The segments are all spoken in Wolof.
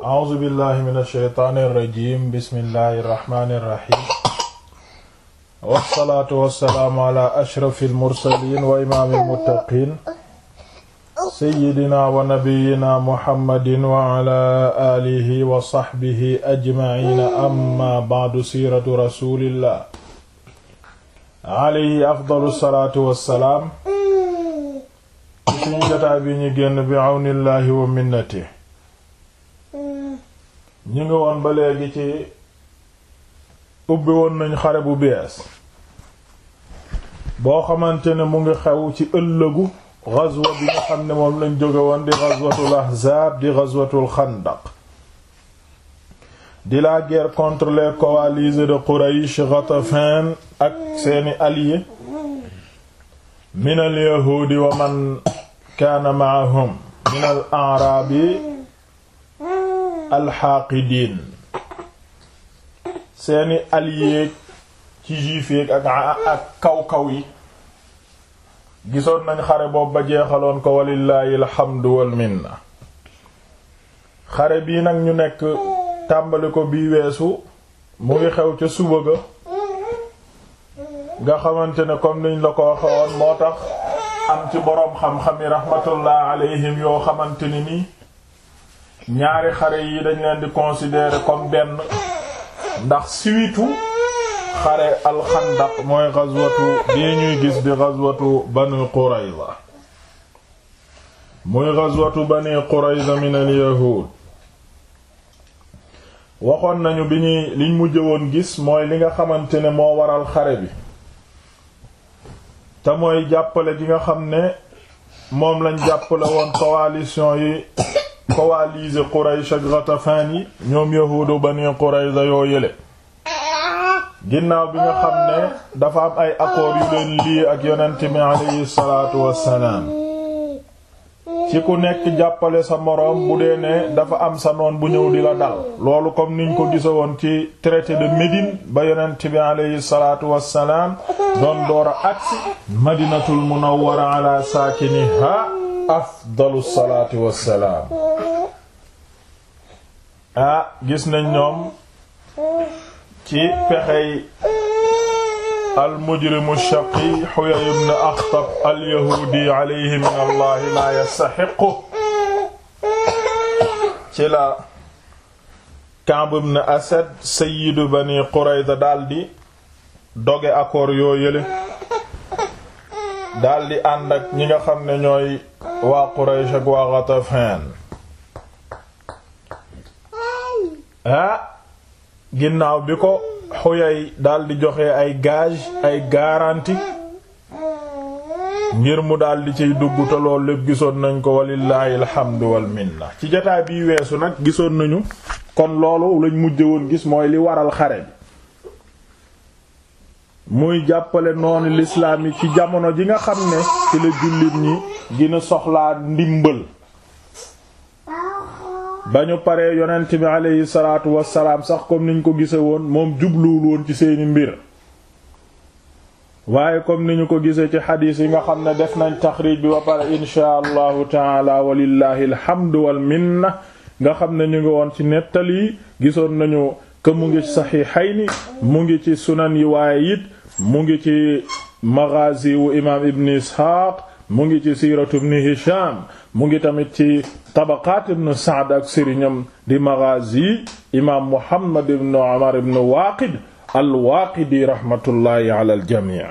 a'uuzu billahi mina shaytaani rajiim bismillahi rahmaani rahiim wassalaatu wassalaamu ala ashrafil mursaliin wa imaamil muttaqiin sayyidinaa wa nabiyyinaa muhammadin wa ala aalihi wa sahbihi ajma'iin amma ba'du siiratu rasuulillah alayhi afdalu salaatu wassalaam suñu jotaay bi ñu génn bi awnillahi wa minnatihi ñu ngi woon ba léegi ci ubbi woon nañ xare bu bees boo xamante ne mu ngi xew ci ëllëgu ghazwa bi nga xam ne moom lañ jóge woon di ghazwatul ahzaab di ghazwatul xandaq di la guerre contre les de Quraysh Ghatafan ak seeni alliés min al yahuudi wa man kaana ma'ahum min al a'raabi alxaaqidiin seeni alliés ci juif yi ak ak kaw kaw yi gisoon nañ xare boobu ba jeexaloon ko walillaahi alxamdu wal minna xare bii nag ñu nekk tàmbali ko bii weesu mu ngi xew ca suba ga nga xamante ne comme niñ la ko xewoon moo tax am ci boroom xam-xam yi yoo xamante ni nii ñaari xare yi dañ leen di considérer comme benn ndax siwitu xare alxandaq mooy gazwatu bii ñuy gis di gazwatu bani qurayza muy gazwatu bani qurayza waxoon nañu bi ñuy liñ mujj woon gis mooy li nga xamante ne moo waral xare bi te mooy jàppale gi nga xam ne moom lañ jàppale woon coalition yi coalisé Quraysh ak Ghatafan yi ñoom yahuudu Bani Qurayza yoo yële ginnaaw bi nga xam ne dafa am ay accord yu leen lii ak yonent mi aleyhi salaatu wassalaam ci ku nekk jàppale sa moroom bu dee ne dafa am sa noon bu ñëw di la dal loolu comme niñ ko gisa woon ci traité de Médine ba yonent bi aleyhi salaatu wassalaam doon door a agsi madinatul munawwara ala saakiniha afdalu salaati wassalaam ah gis nañ ñoom ci pexey almujrimu shaqi Huyay ibn Akhtab alyahuudi alayhi min allahi maa yastaxiqu ci la Kaab ibn Asad sayyidu bani Qurayza daldi doge accord yoo yële daldi ànd ak ñi nga xam ne ñooy waa Quraysh ak waa Ghatafan ah, ginnaaw bi ko Huyay daldi joxe ay gage ay garantie ngir mu daldi ciy dugg toloo loolu lépp gisoon nañ ko walillaahi alhamdu wal ci jotaay biy weesu nag gisoon nañu kon loolu lañu mujj woon gis mooy li waral xare bi muy jàppale noonu lislaam yi ci jamono ji nga xam ne ci la jullit ñi gina soxlaa ndimbal ba ñu paree yonent bi aleyhi salaatu wasalaam sax comme niñ ko gise woon moom jubluwul woon ci seeni mbir waaye comme ni ñu ko gisee ci xadiis yi nga xam ne def nañ taxriij bi ba pare inshaa allahu taala walillahi alhamdu wal minna nga xam ne ñu ngi woon ci nettali gisoon nañu que mu ngi ci saxiixayni mu ngi ci sunan yi waaye it mu ngi ci maghazi wu imaam ibn Isxaaq mu ngi ci siiratu ibn Hisham mu ngi tamit ci tabaqaat ibn Sa'd ak sëriñam di maghazi imaam Muhammad ibn Umar ibn Waaqid al-Waaqidi rahmatullahi ala al-jamii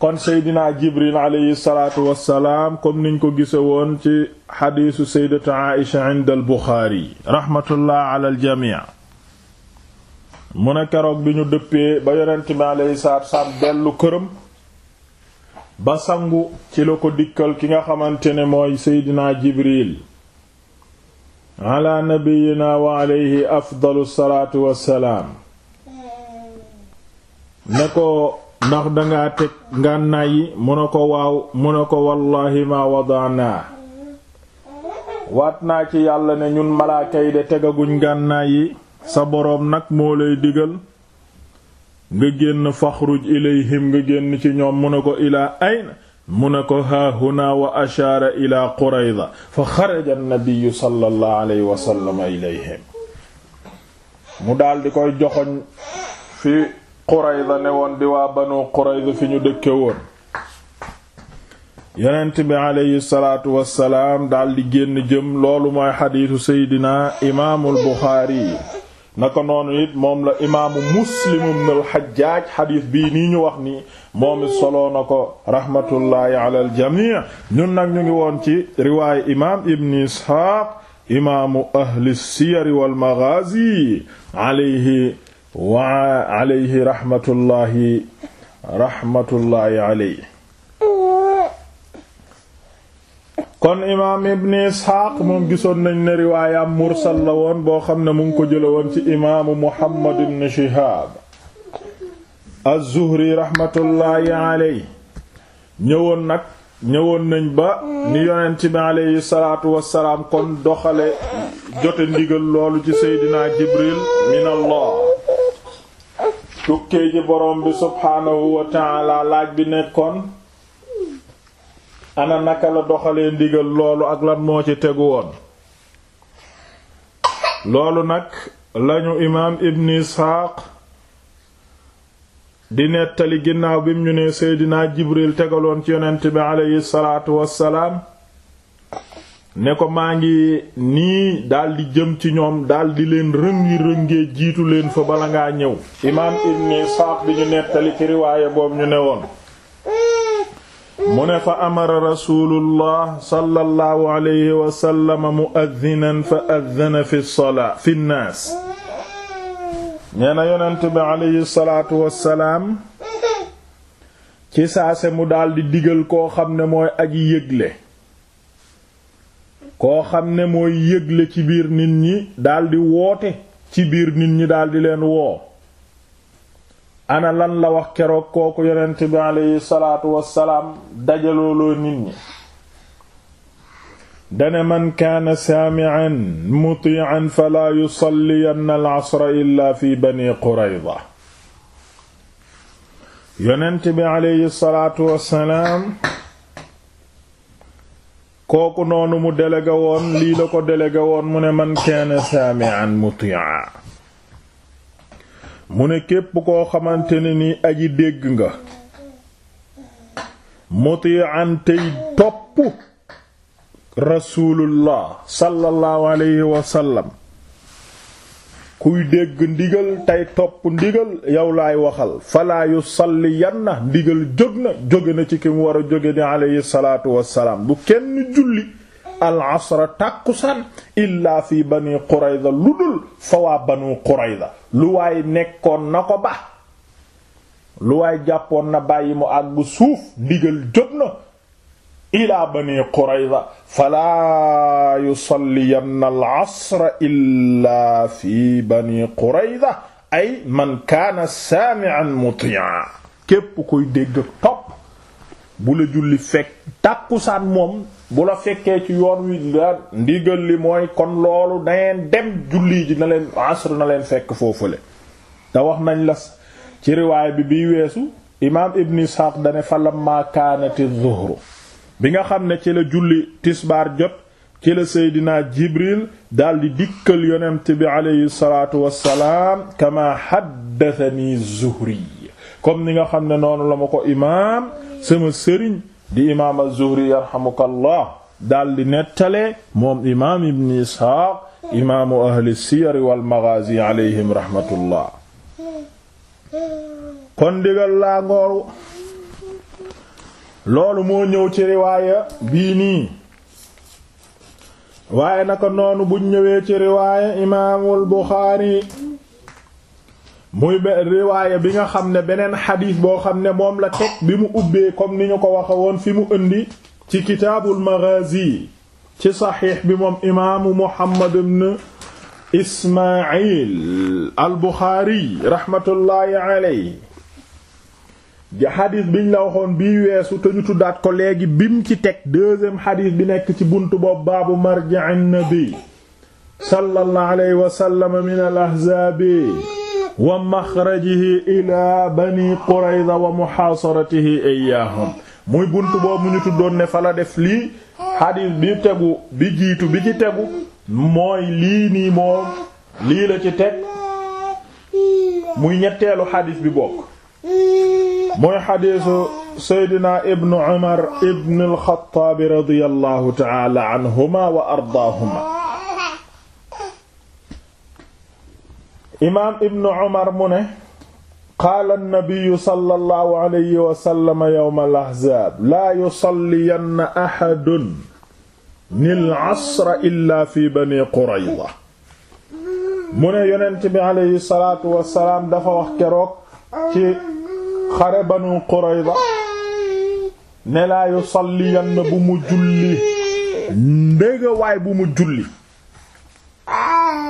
kon seydina Jibril alayhi salaatu wassalaam comme niñ ko gise woon ci xadiisu sayyidatu Aisha inda al-Buxaari rahmatullahi ala al-jamii mu ne keroog bi ñu dëppee ba yonent mi alayhi salaatu salaam këram ba sangu ci la ko dikkal ki nga xamante ne mooy seydinaa jibril ala nabiyina wa alayhi afdalu salaatu wassalaam ne ko ndax dangaa teg ngànnaay yi mu ne ko waaw mu ne ko wallaahi ma wadaanaa waat naa ci yàlla ne ñun malaaka yi de tegaguñ ngànnaay yi sa boroom nag moo lay digal nga génn faxruj ilayhim nga génn ci ñoom mu ne ko ilaa ayna mu ne ko haahuna wa ashaara ila qurayda fa xaraja annabiyu sallallahu alayhi wa ilayhim mu daldi koy joxoñ fi qurayda ne woon di waa banu qurayda fi ñu dëkke woon yonent bi aleyhi wassalaam daldi génn jëm loolu mooy xadiisu seydina imaamul buxaari naka noonu it moom la imaamu muslim ibn al-Hajjaj xadiis bii ni ñu wax nii moom it soloo na ko rahmatullahi ala al-jamii ñun nag ñu ngi woon ci riwaayu imaam ibn Isxaaq imaamu ahli siyar wal maghaazi alayhi wa alayhi rahmatullahi rahmatullahi alayhi kon imaam ibn isxaaq moom gisoon nañ ne riwaayam mursal la woon boo xam ne mu ngi ko jële woon ci imaamu muhammad ibn shihaab az-zuhri raxmatullaahi aley ñëwoon nag ñëwoon nañ ba ni yonent bi aleyhi salaatu wassalaam kon doxale jote ndigal loolu ci seydinaa jibril min allah tukkee ji boroom bi subhaanahu wa laaj bi nekkoon ana naka la doxalee ndigal loolu ak lan moo ci tegu woon loolu nag lañu imaam ibn isxaaq di nettali ginnaaw bi ñu ne seydinaa jibril tegaloon ci yonent bi aleyhi salaatu wassalaam ne ko maa ngi nii daldi jëm ci ñoom daldi leen rëngi rëngee jiitu leen fa bala ngaa ñëw imaam ibn isxaaq bi ñu nettali ci riwaaya boobu ñu ne woon mu ne fa amara rasulullah sallallahu alayhi wa sallam muaddinan fa addana fi salaa fi nnaas nee na yonent bi alayhi salaatu wassalaam ci saase mu daldi digal koo xam ne mooy aji yëgle koo xam ne mooy yëgle ci biir nit ñi daldi woote ci biir nit ñi daldi leen woo ana lan la wax keroog kooku yonent bi aleyhi salaatu wassalaam dajalooloo nit ñi dane man kaana saami'an muti'an falaa yusalliyanna al-'asra illaa fi bani qurayza yonent bi aleyhi salaatu wassalaam kooku noonu mu délégué lii la ko délégué woon mu ne man kaana saami'an muti'an mu ne képp koo xamante ne ni aji dégg nga muti'an tey topp rasulullah sallallahu alayhi wa kuy dégg ndigal tey topp ndigal yow laay waxal falaa yusalli yan na ndigal jóg na jóge na ci ki mu war a jóge ni alayhi salaatu wassalaam bu kenn julli al-asra tàkkusaan illaa fi bani Qurayza lu fa waa banu Qurayza lu waay nekkoon na ko ba lu waay jàppoon na bàyyi mu àgg suuf ndigal jot na ilaa bani Qurayza falaa yusalliyanna al-asra illaa fi bani Qurayza ay man kaana saami'an muti'an képp kuy dégg topp bu la julli fekk tàkkusaan moom bu la fekkee ci yoon wi la ndigal li mooy kon loolu na dem julli ji na leen asr na leen fekk foofule te wax nañ la ci riwaay bi biy weesu imaam ibn Ishaq dane fa lamma kaanati zuhru bi nga xam ne ci la julli tisbaar jot ci la seydinaa jibril daldi dikkal yonent bi aleyhi salaatu wassalaam kama haddathani zuhri comme ni nga xam ne noonu la ma ko imaam sama sëriñ di imaam az-Zuhri yarhamukallah daal di nettalee moom imaam ibn Isxaaq imaamu ahli siyar wal maghaazi alayhim rahmatullah kon digal laa ngooru loolu moo ñëw ci riwaaya bii nii waaye naka noonu buñ ñëwee ci riwaaya imaamul Buxaari muy riwaaya bi nga xam ne beneen xadiis boo xam ne moom la teg bi mu ubbee comme ni ñu ko waxe woon fi mu indi ci kitaabul maghazi ci saxiix bi moom imaamu Muhammad ibn Ismaayil al Buxaari raxmatullaahi alayhi di xadis biñ la waxoon bii weesu te ñu tuddaat ko léegi bim ci teg deuxième xadis bi nekk ci bunt boobu baabu marji'in nabi sallallahu alayhi wa sallam min al ahzaabi wa maxrajihi ilaa bani qurayza wa muhaasaratihi iyaahum muy bunt boobu ñu tuddoon ne fa def lii xadiis bi tegu bi jiitu bi ci tegu mooy lii nii moom lii la ci teg muy ñetteelu xadiis bi bokk mooy xadiisu seydina ibnu umar ibnu alxataabi radiyallahu taala anhuma wa ardaahuma imaam ibnu Umar mu ne qaala nabiyu sallallahu alayhi wa sallam yawma al-ahzaab laa yusalliyanna ahadun nil asra illaa fi bani Qurayza mu ne yonent bi alayhi salaatu wa salaam dafa wax keroog ci xare banu Qurayza ne laa yusalliyanna bu mu julli ndéga waay bu mu julli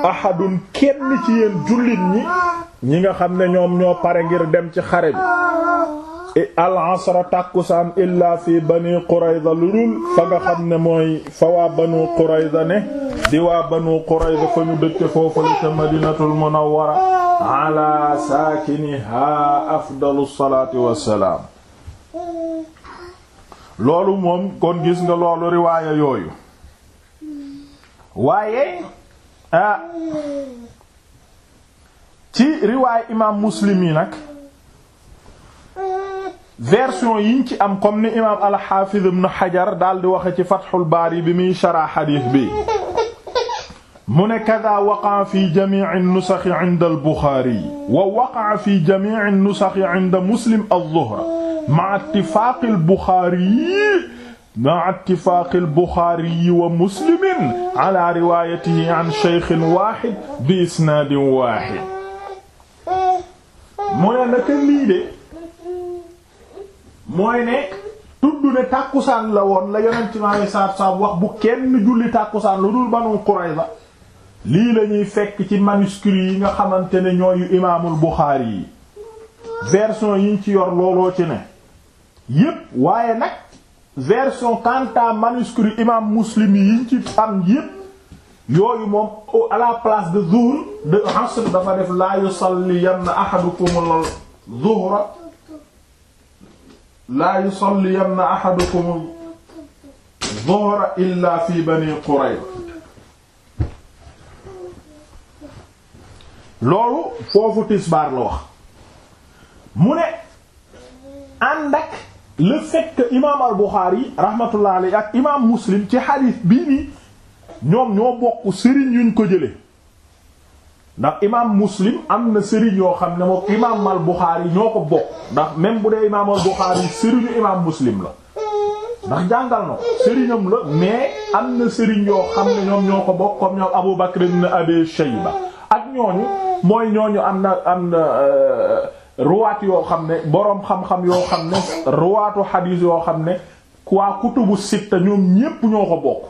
ahadun kenn ci yéen jullit ñi ñi nga xam ne ñoom ñoo pare ngir dem ci xare bi e al asra tàkkusaan illaa fi bani qurayza lu dul fa nga xam ne mooy fa waa banu qurayza ne di waa banu qurayza fa ñu dëkke foofu la ca madinatul munawwara ala saakiniha afdalu salaati wassalaam loolu moom kon gis nga loolu riwaaya yooyu waaye ah ci riwaay imaam muslim yi nag version yiñ ci am comme ni imaam alxaafiz ibn xajar daal di waxe ci fatxul baari bi muy shara xadiis bi mu ne kada waqaa fi jamici nusaxi inda albuxaari wa waqaa fi jamici nusaxi inda muslim alzuhra ma ittifaaqi albuxaari ma ittifaaqi al-Buxaari wa Muslimin ala riwaayatihi an ne naka ne tudd ne tàkkusaan la woon la Yonent mi alayhi wax bu kenn julli tàkkusaan lu dul Banu Qurayza lii la ñuy fekk ci manuscrits yi nga xamante ne ñooyu imaamul Buxaari yi version yiñ ci yor looloo ci ne yépp waaye nag. version kanta manuscrit imam muslim yiñ ci yooyu moom à la place de zuhr de asr dafa def la yusalliyanna ahadukum zuhra la yusalliyanna ahadukum zuhra illa fi bani qurayza loolu foofu tisbaar la mu ne ànd ak le fait que imaam al-Bukhari rahmatullah alayhi ak imaam Muslim ci xadiis bi nii ñoom ñoo bokk sëriñ yuñ ko jëlee ndax imaam Muslim am na sëriñ yoo xam ne moom imaam al-Bukhari ñoo ko bokk ndax même bu dee imaam al-Bukhari sëriñu imaam Muslim la ndax jàngal na sëriñam la mais am na sëriñ yoo xam ne ñoom ñoo ko bokk comme ñoom Abu Bakr ibn Abi Shayba ak ñooñu mooy ñooñu am na am na. Euh, ruwaat yoo xam ne boroom xam-xam yoo xam ne ruwaatu xadiis yoo xam ne waa kutubu sitta ñoom ñépp ñoo ko bokk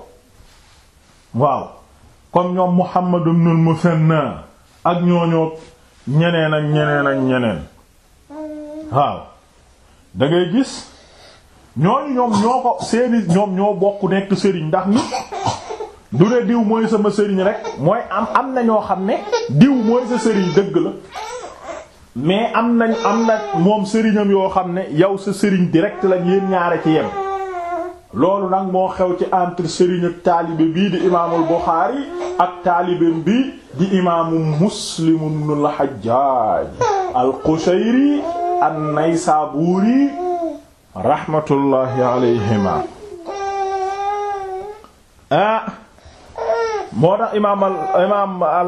waaw kon ñoom Muhammad ibn al-Musanna ak ñooñoo ñeneen ak ñeneen ak ñeneen waaw da ngay gis ñooñu ñoom ñoo ko seeni ñoom ñoo bokk nekk sëriñ ndax nit du ne diw mooy sama sëriñ rek mooy am am na ñoo xam ne diw mooy sa sëriñ dëgg la mais am nañ am na moom sëriñam yoo xam ne yow sa sëriñ direct la yéen ñaare ci yem loolu nag moo xew ci entre sëriñ ak taalibe bii di imaamul Buxaari ak taalibeem bi di imaamu Muslim ibnul Hajjaaj al-Qushayri an-Naysaabuuri rahmatullahi alayhima ah moo tax imaam al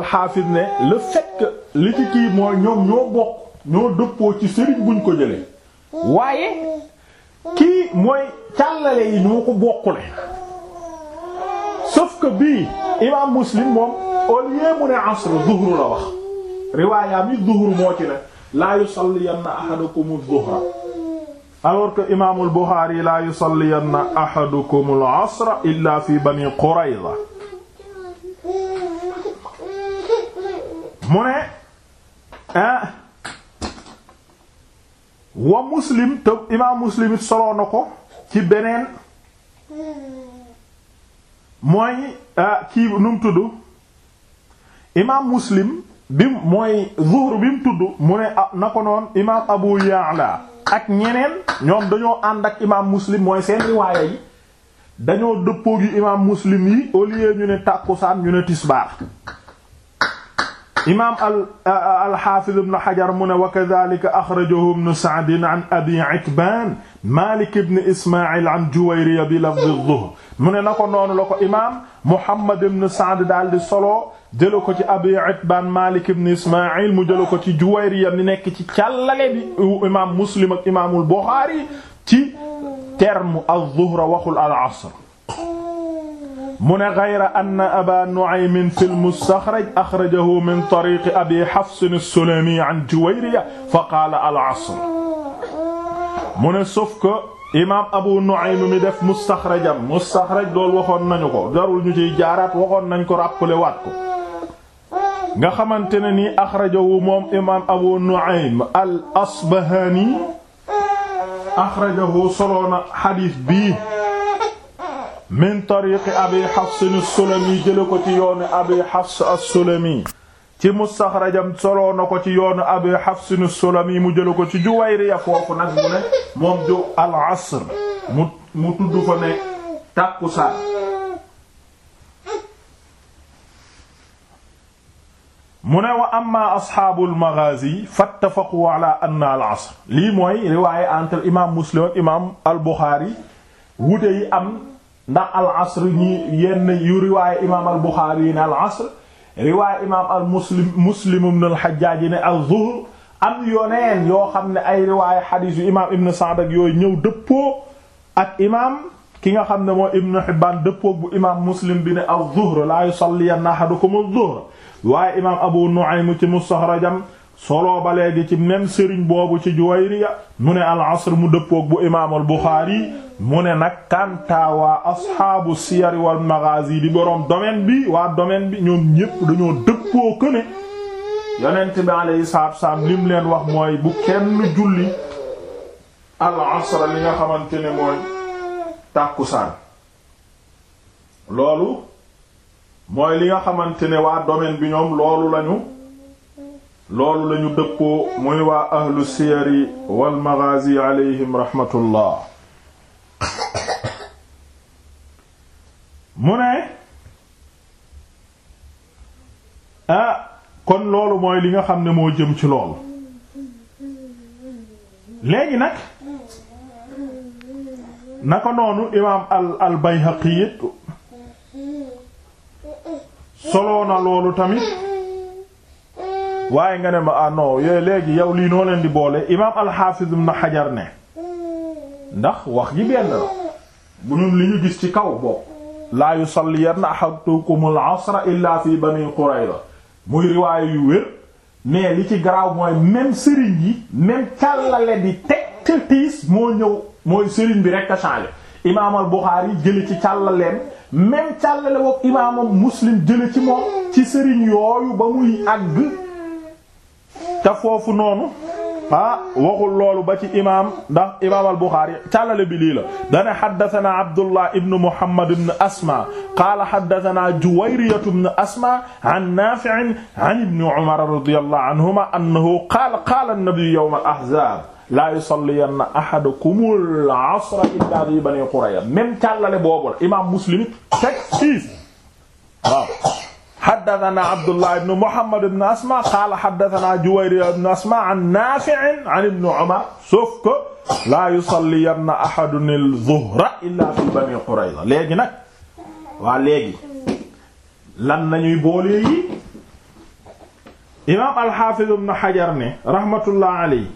ne le fait li ci kii mooy ñoom ñoo bokk ñoo dëppoo ci sëriñ buñ ko jëlee waaye kii mooy càllale yi ñoo ko bokkule sauf que bii imaam muslim moom au lieu mu ne asr zuhru la wax riwaayaam yi zuhru moo ci ne laa yusalliyanna ahadukum zuhra alors que imaamul buxaari laa yusalliyanna ahadukum al asra illa fi bani qurayza mu ne ah wa muslim te imaam muslim it soloo ko ci beneen mooy ci ah, nu mu tudd imaam muslim bi mooy zuhru bi mu tudd mu ne ah, na ko noon imaam abu ya'la ak ñeneen ñoom dañoo ànd ak imaam muslim mooy seen riwaaya yi dañoo dëppoo gi imaam muslim yi au ñu ne tàkkusaan ñu ne tisbaar imaam al alxaafiz ibn Hajar mu ne wa kadhalika axrajahu ibn Sa'd an Abi Itbaan Maalik ibn Ismaa'il an Juwayriya bi lafz az-Zuhr mu ne na ko noonu la ko imaam Muhammad ibn Sa'd daal di solo jëla ko ci Abi Itbaan Maalik ibn Ismaa'il mu jëla ko ci Juwayriya ni nekk ci càllale bi imaam Muslim ak imaamul Buxaari ci terme az-Zuhr waxul al-Asr mu ne gayra an aba nu'aym fi al-mustaxraj axrajahu min tariiqi abi hafs as-sulami an juwayriya fa qaala al-asr mu ne sauf que imaam abu nu'aym mi def mustaxrajam mustaxraj loolu waxoon nañu ko jarul ñu ciy waxoon nañ ko rappeler waat ko nga xamante ne nii axrajahu moom imaam abu nu'aym al-asbahaani axrajahu soloona xadiis bii min tariqi abi xafsin sulami jële ko ci yoonu abi xafs as-sulami ci mustaxrajam soloo na ko ci yoonu abi xafsin sulami mu jële ko ci juwayriya foofu nag mu ne moom ju al-asr mu mu tudd ko ne tàkkusaan mu ne wa amma asxaabul maghazi fattafaqu ala anna al-asr lii mooy riwaaye entre imaam muslim imaam al-buxaari wute yi am ndax al asr ñi yenn yu riwaaya imaam al buxaari yi ne al asr riwaaya imaam al muslim muslim ibn al xajjaaj yi ne al zuhr am yoneen yoo xam ne ay riwaaya xadiis yu imaam ibn Sa'd ak yooyu ñëw dëppoo ak imaam ki nga xam ne moo ibn Hibbaan dëppoo bu imaam muslim bi ne al zuhr laa yusalliyanna ahadukum al zuhr waaye imaam abu nu'aym ci mustaxrajam soloo ba ci même sëriñ boobu ci Juwayriya mu ne al mu dëppoog bu imaamul Buxaari mu ne nag kantaa waa asxaabu siyar wal magaazi di boroom domaine bi waa domaine bi ñoom ñépp dañoo dëppoo këne yonent bi alayhi salaatu salaam lim leen wax mooy bu kenn julli al asr li nga xamante ne mooy tàkkusaan loolu mooy li nga xamante ne waa domaine bi ñoom loolu lañu loolu lañu dëppoo muy waa ahlu siyari wal maghazi alayhim rahmatullah mu ne ah kon loolu mooy li nga xam ne moo jëm ci lool léegi nag naka noonu imaam al al bayhaqi it loolu tamit waaye nga ne ma ah non yooyu léegi yow lii noo leen di boole imaam al-Hafiz Ibn Hajar ne ndax wax ji benn la bu ñun li ñu gis ci kaw bokk laa yusalliyanna ahadukum al-asra illa fi Bani Qurayza muy riwaay yu wér mais li ci garaaw mooy même sëriñ yi même càllale di teg tiis moo ñëw mooy sëriñ bi rek a changé imaam al-Bukhari jële ci càllaleen même càllale woog imaamam Muslim jële ci moom ci sëriñ yooyu ba muy àgg te foofu noonu ah waxul loolu ba ci imaam ndax imaam al-Bukhari càllale bi lii la dana haddathana Abdullah ibn Muhammad ibn Asma qaala haddathana Juwayriyatu ibn Asma an Nafi'in an ibn Umar radiyallahu anhuma annahu qaala qaala an-nabiyyu yawm al-ahzab la yusalliyanna ahadukum al-asra illa bi bani Qurayza même càllale boobu la imaam Muslim teg siis waaw haddathana Abdullah ibn Muhammad ibn Asma qaala haddathana Juwayriya ibn Asma an Naafi' an ibn Umar sauf que laa yusalliyanna ahadun al-zuhra illaa fi Bani Qurayza léegi nag waa léegi lan nañuy boole yi imaam al-Hafiz ibn Hajar ne rahmatullah alayhi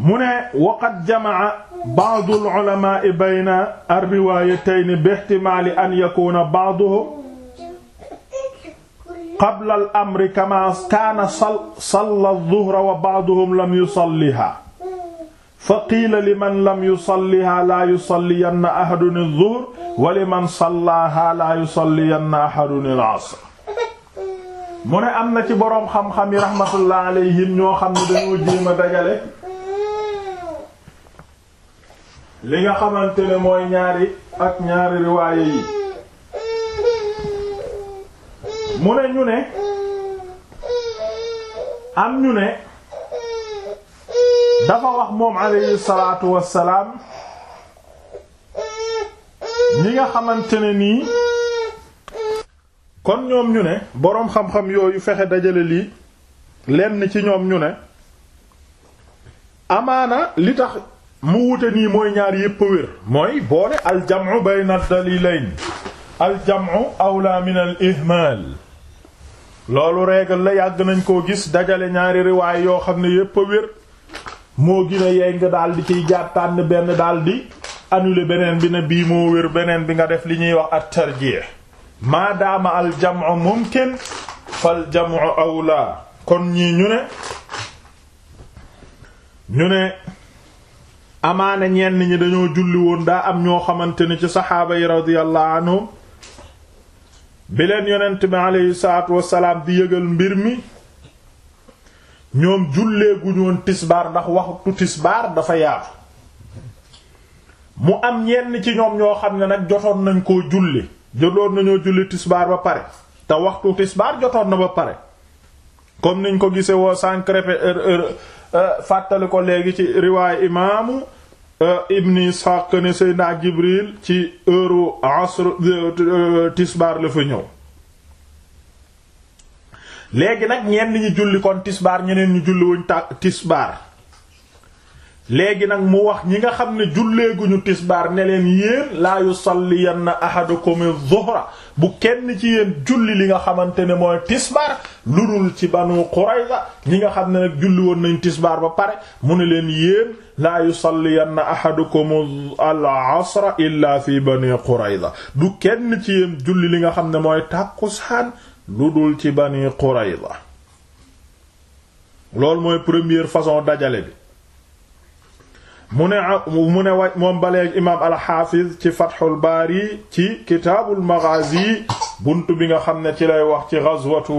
mu ne waqad jamaa ba'du al-ulamaa'i bayna ar-riwaayatayni bi-ihtimaali an yakuuna ba'duhum qabla al-amri kamaa kaana salla az-zuhra wa ba'duhum lam yusallihaa fa qiila liman lam yusallihaa laa yusalliyanna ahadun az-zuhra wa liman sallaahaa laa yusalliyanna ahadun al-'asr mu ne am na ci boroom xam-xam yi rahmatullah alayhim ñoo xam ne dañoo jéem a li nga xamante ne mooy ñaari ak ñaari riwaaye yi mu ne ñu ne am ñu ne dafa wax moom alayhi salaatu wassalaam ñi nga xamante ne nii kon ñoom ñu ne boroom xam-xam yooyu fexe dajale lii lenn ci ñoom ñu ne amaana li tax mu wute nii mooy ñaar yépp a wér mooy boole aljamu bayna dalilayn aljamu awla min al ihmal loolu règle la yàgg nañ koo gis dajale ñaari riwaay yoo xam ne yépp a wér moo gën a yey nga daal di ciy jaar tànn benn daal di annuler beneen bi ne bii moo wér beneen bi nga def li ñuy wax at tarjih maadaama aljamu mumkin faljamu awla kon ñii ñu ne ñu ne amaane ñenn ñi dañoo julli woon daa am ñoo xamante ni ci saxaaba yi radiyallahu anhum bi yonent bi aleyhi salaatu wasalaam di yëgal mbir mi ñoom jullee gu ñoon tisbaar ndax waxtu tisbaar dafa yaatu mu am ñenn ci ñoom ñoo xam ne nag jotoon nañ koo julli jotoon nañoo julli tisbaar ba pare te waxtu tisbaar jotoon na ba pare kom niñ ko gisee woo sànq euh, euh, euh, fàttali ko léegi ci riwaayu imaamu Ibn Ishaq ne Seydina Jibril ci heure asr tisbaar la fi ñëw léegi nag ñenn ñi julli kon tisbaar ñeneen ñu julli wuñ ta tisbaar léegi nag mu wax ñi nga xam ne julleeguñu tisbaar ne leen yéen laa yusalliyanna ahadukum adh-dhuhra bu kenn ci yéen julli li nga xamante ne mooy tisbaar lu dul ci banu Qurayza ñi nga xam ne nag julli woon nañ tisbaar ba pare mu ne leen yéen laa yusalliyanna ahadukum al-asra illa fi bani Qurayza du kenn ci yéen julli li nga xam ne mooy tàkkusaan lu dul ci bani Qurayza loolu mooy première façon dajale bi mu ne mu ne wa moom baleeg imaam alxaafiz ci fathul baari ci kitaabul maghazi buntu bi nga xam ne ci lay wax ci ghazwatu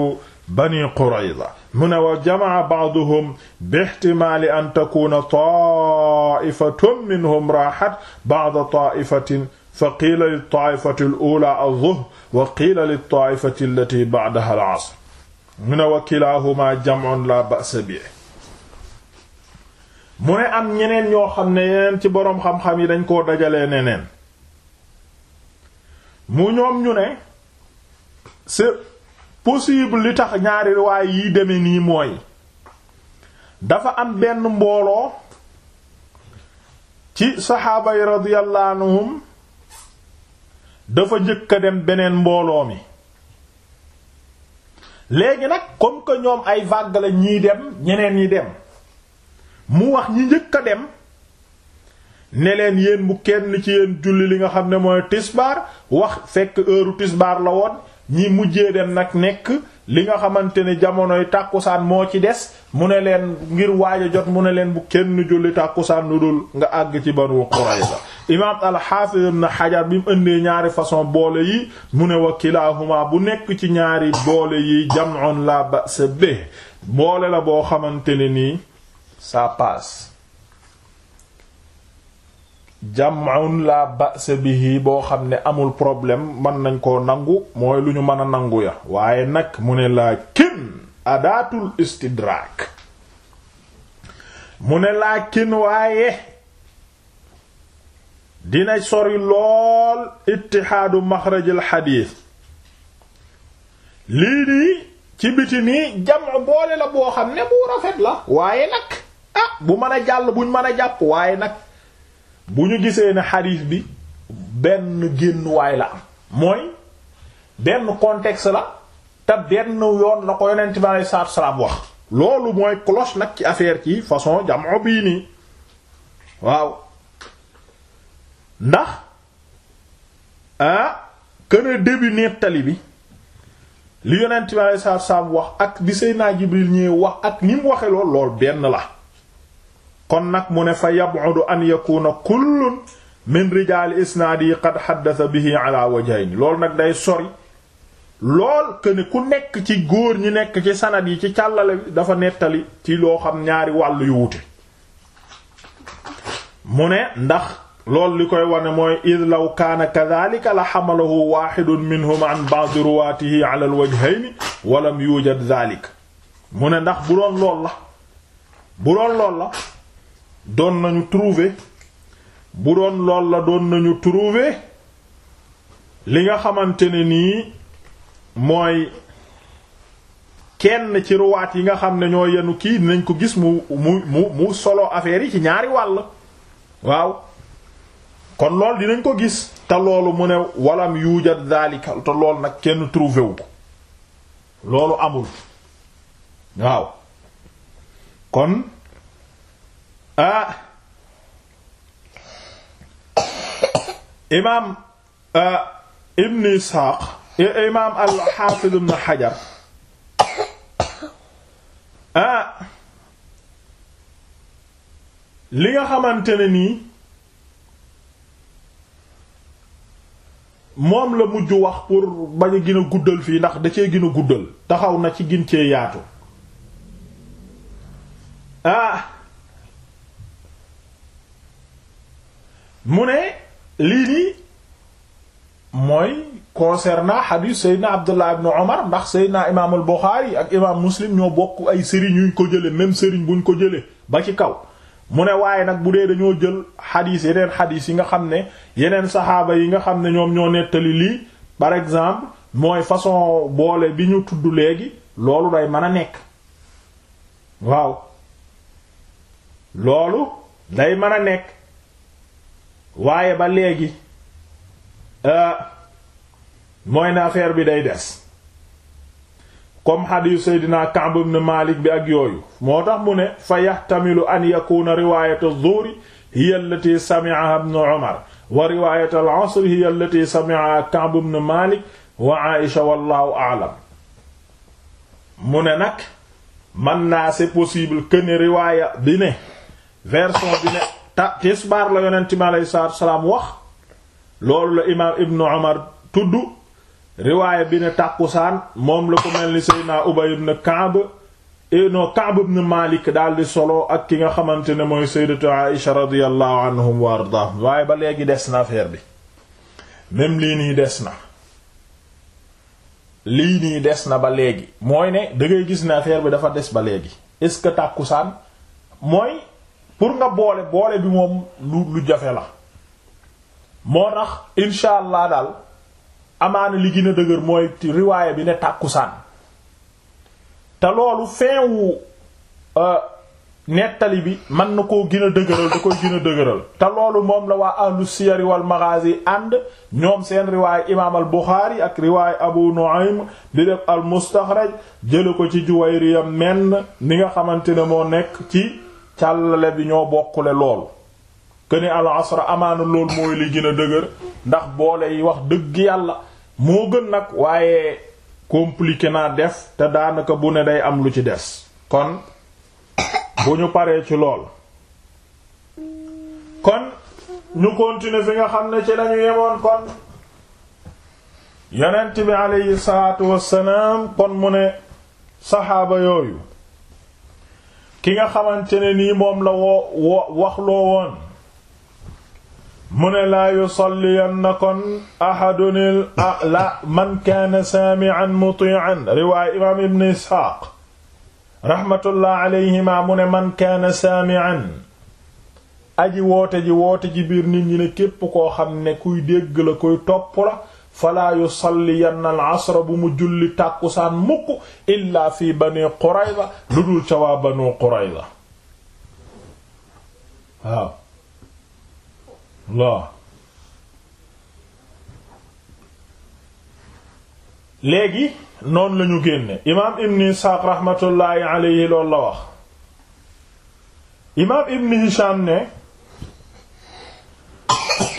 bani qurayza mu ne wa jamaa ba'duhum bi ihtimaali an takuna taa'ifatun minhum raahat ba'da taa'ifatin fa qiila lit-taa'ifati al-uulaa az-zuhr wa qiila lit-taa'ifati allatii ba'dahaa al-'asr mu ne wa kilaahumaa jam'un laa ba'sa bihi mu ne am ñeneen ñoo xam ne yeneen ci boroom xam-xam yi dañ koo dajalee neneen mu ñoom ñu ne c'est possible li tax ñaari riwaay yi deme nii mooy dafa am benn mbooloo ci saxaaba yi radiyallahu dafa njëkk a dem beneen mbooloo mi léegi nag comme que ñoom ay vague la ñiy dem ñeneen yi dem mu wax ñi njëkk a dem ne leen yéen bu kenn ci yéen julli li nga xam ne mooy tisbaar wax fekk heure tisbaar la woon ñi mujjee dem nag nekk li nga xamante ne jamonoy tàkkusaan moo ci des mu ne leen ngir waaj jot mu ne leen bu kenn julli tàkkusaan lu dul nga àgg ci Banu Qurayza imaam al-Hafiz ibn bi mu indee ñaari façon boole yi mu ne wa kilahuma bu nekk ci ñaari boole yi jam'un la ba's bih boole la boo xamante nii ça passe jam'un la ba'sa bihi boo xam ne amul problème mën nañ koo nangu mooy lu ñu mën a nangu ya waaye nag mu ne laakin adaatul istidraak mu ne laa kin waaye dina sori lool ittihaadu maxrajil xadiis lii nii ci biti nii jam boole la boo xam ne bu rafet la waaye nag Ah, bu mën a jàll buñ mën a jàpp waaye nag bu ñu gisee ne xariis bi benn génnuwaay la am mooy benn contexte la te benn yoon la ko yonent bi alei salaatu wax loolu mooy cloche nag ci affaire ci façon jamono bii nii waaw ndax ah kën a début nettali bi li yonent bi alei salaatu salaam wax ak bi Seydina Jibril ñëw wax ak ni waxe lool lool benn la kon nag mu ne fa yab'udu an yakuna kullun min rijaali isnaadi yi qad xaddasa bihi ala wajhayn loolu nag day sori lool que ku nekk ci góor ñi nekk ci sanad yi ci càllale dafa nettali ci loo xam ñaari wàll yu wute mu ne ndax lool li koy wane mooy id law kaana kadhalika la xamalahu waxidun minhum an ba'd ruwaatihi ala alwajhayni walam yujad dhalik mu ne ndax bu lool la bu doon lool la doon nañu trouvé bu doon lool la doon nañu trouver li nga xamante ne nii mooy kenn ci ruwaat yi nga xam ne ñoo yenu kii dinañ ko gis mu mu mu solo affaire yi ci ñaari wàll waaw kon lool dinañ ko gis te loolu mu ne walam yuuja daalika te lool nag kenn trouvé ko loolu amul waaw kon ah imaam ah, ibn Isxaaq imaam al-Xaafiz ibn Xajar ah. li nga xamante ne nii moom la mujj wax pour bañ a gën guddal fii ndax da cee gën guddal taxaw na ci gin cee yaatu ah mu ne lii nii mooy concernant xadiis seydna abdullah ibn omar ndax seydna imaamul buxaari ak imaam muslim ñoo bokk ay sëriñ yuñ ko jële même sëriñ buñ ko jële ba ci kaw mu ne waaye nag bu dee dañoo jël xadiis yeneen xadiis yi nga xam ne yeneen saxaaba yi nga xam ne ñoom ñoo nettali lii par exemple mooy façon boole bi ñu tudd léegi loolu day mën a nekk waaw loolu day mën a nekk waaye ba léegi euh, mooy na bi day des comme xadiis Seydina Ka'b ibn Malik bi ak yooyu moo tax mu ne fa yaxtamilu an yakuna riwayat az-zuhri hiya allati sami'aha ibn Umar wa riwayat al-'asr hiya allati sami'aha Ka'b ibn Malik wa Aïsha wallahu a'lam mu ne nag man naa c'est possible que ne riwaaya version bi ta tisbaar la yonent bi aleyhi salaatu salaam wax loolu la imaam ibnu Umar tudd riwaaya bi ne tàkkusaan moom la ko mel ni Seydina Ubay ibn Ka'b eh, no Malik daal di solo ak ki nga xamante ne mooy Sayyidatu Aïsha radiyallahu anhum waaye ba léegi des naa affaire bi même lii nii des na lii nii des na ba léegi mooy ne da gis ne affaire bi dafa des ba léegi est-ce que mooy pour nga boole boole bi moom lu lu jafe la moo tax insha allah daal amaana li gën a dëgër mooy riwaaya bi ne tàkkusaan te loolu fin wu euh, nettali bi mën na koo gën a dëgëral da koy gën dëgëral te loolu moom la waa ahlu siyari wal ànd ñoom seen riwaay imaam al Buxaari ak riwaay Abu Nu'aym di def al mustaxraj jële ko ci Juwayriya menn ni nga xamante ne moo nekk ci càllale bi ñoo bokkule loolu këni al asra lool mooy li gën a dëgër ndax boole yi wax dëgg yàlla moo gën nag waaye compliqué naa def te daanaka bu ne day am lu ci des kon bu ñu paree ci lool kon ñu continuer fi nga xam ne ci lañu yemoon kon yonent bi aleyhi salaatu kon mu ne saxaaba yooyu ki nga xamante ne nii moom la waxloo woon mu ne laa yusalliyanna kon ahadunil la man kaana saami'an muti'an riwaaya imaam ibn isxaaq rahmatullah mu ne man kaana saami'an aji woote ji woote ji biir nit ñi ne képp koo xam ne kuy dégg la kuy topp la falaa yusalliyanna al asra bu mu julli tàkkusaan mukk illaa fi bani qurayza lu dul ca banu qurayza waaw waaw léegi noonu la ñu génne imaam ibn isxaaq raxmatullaahi alayhi loolu la imaam ibn hisham ne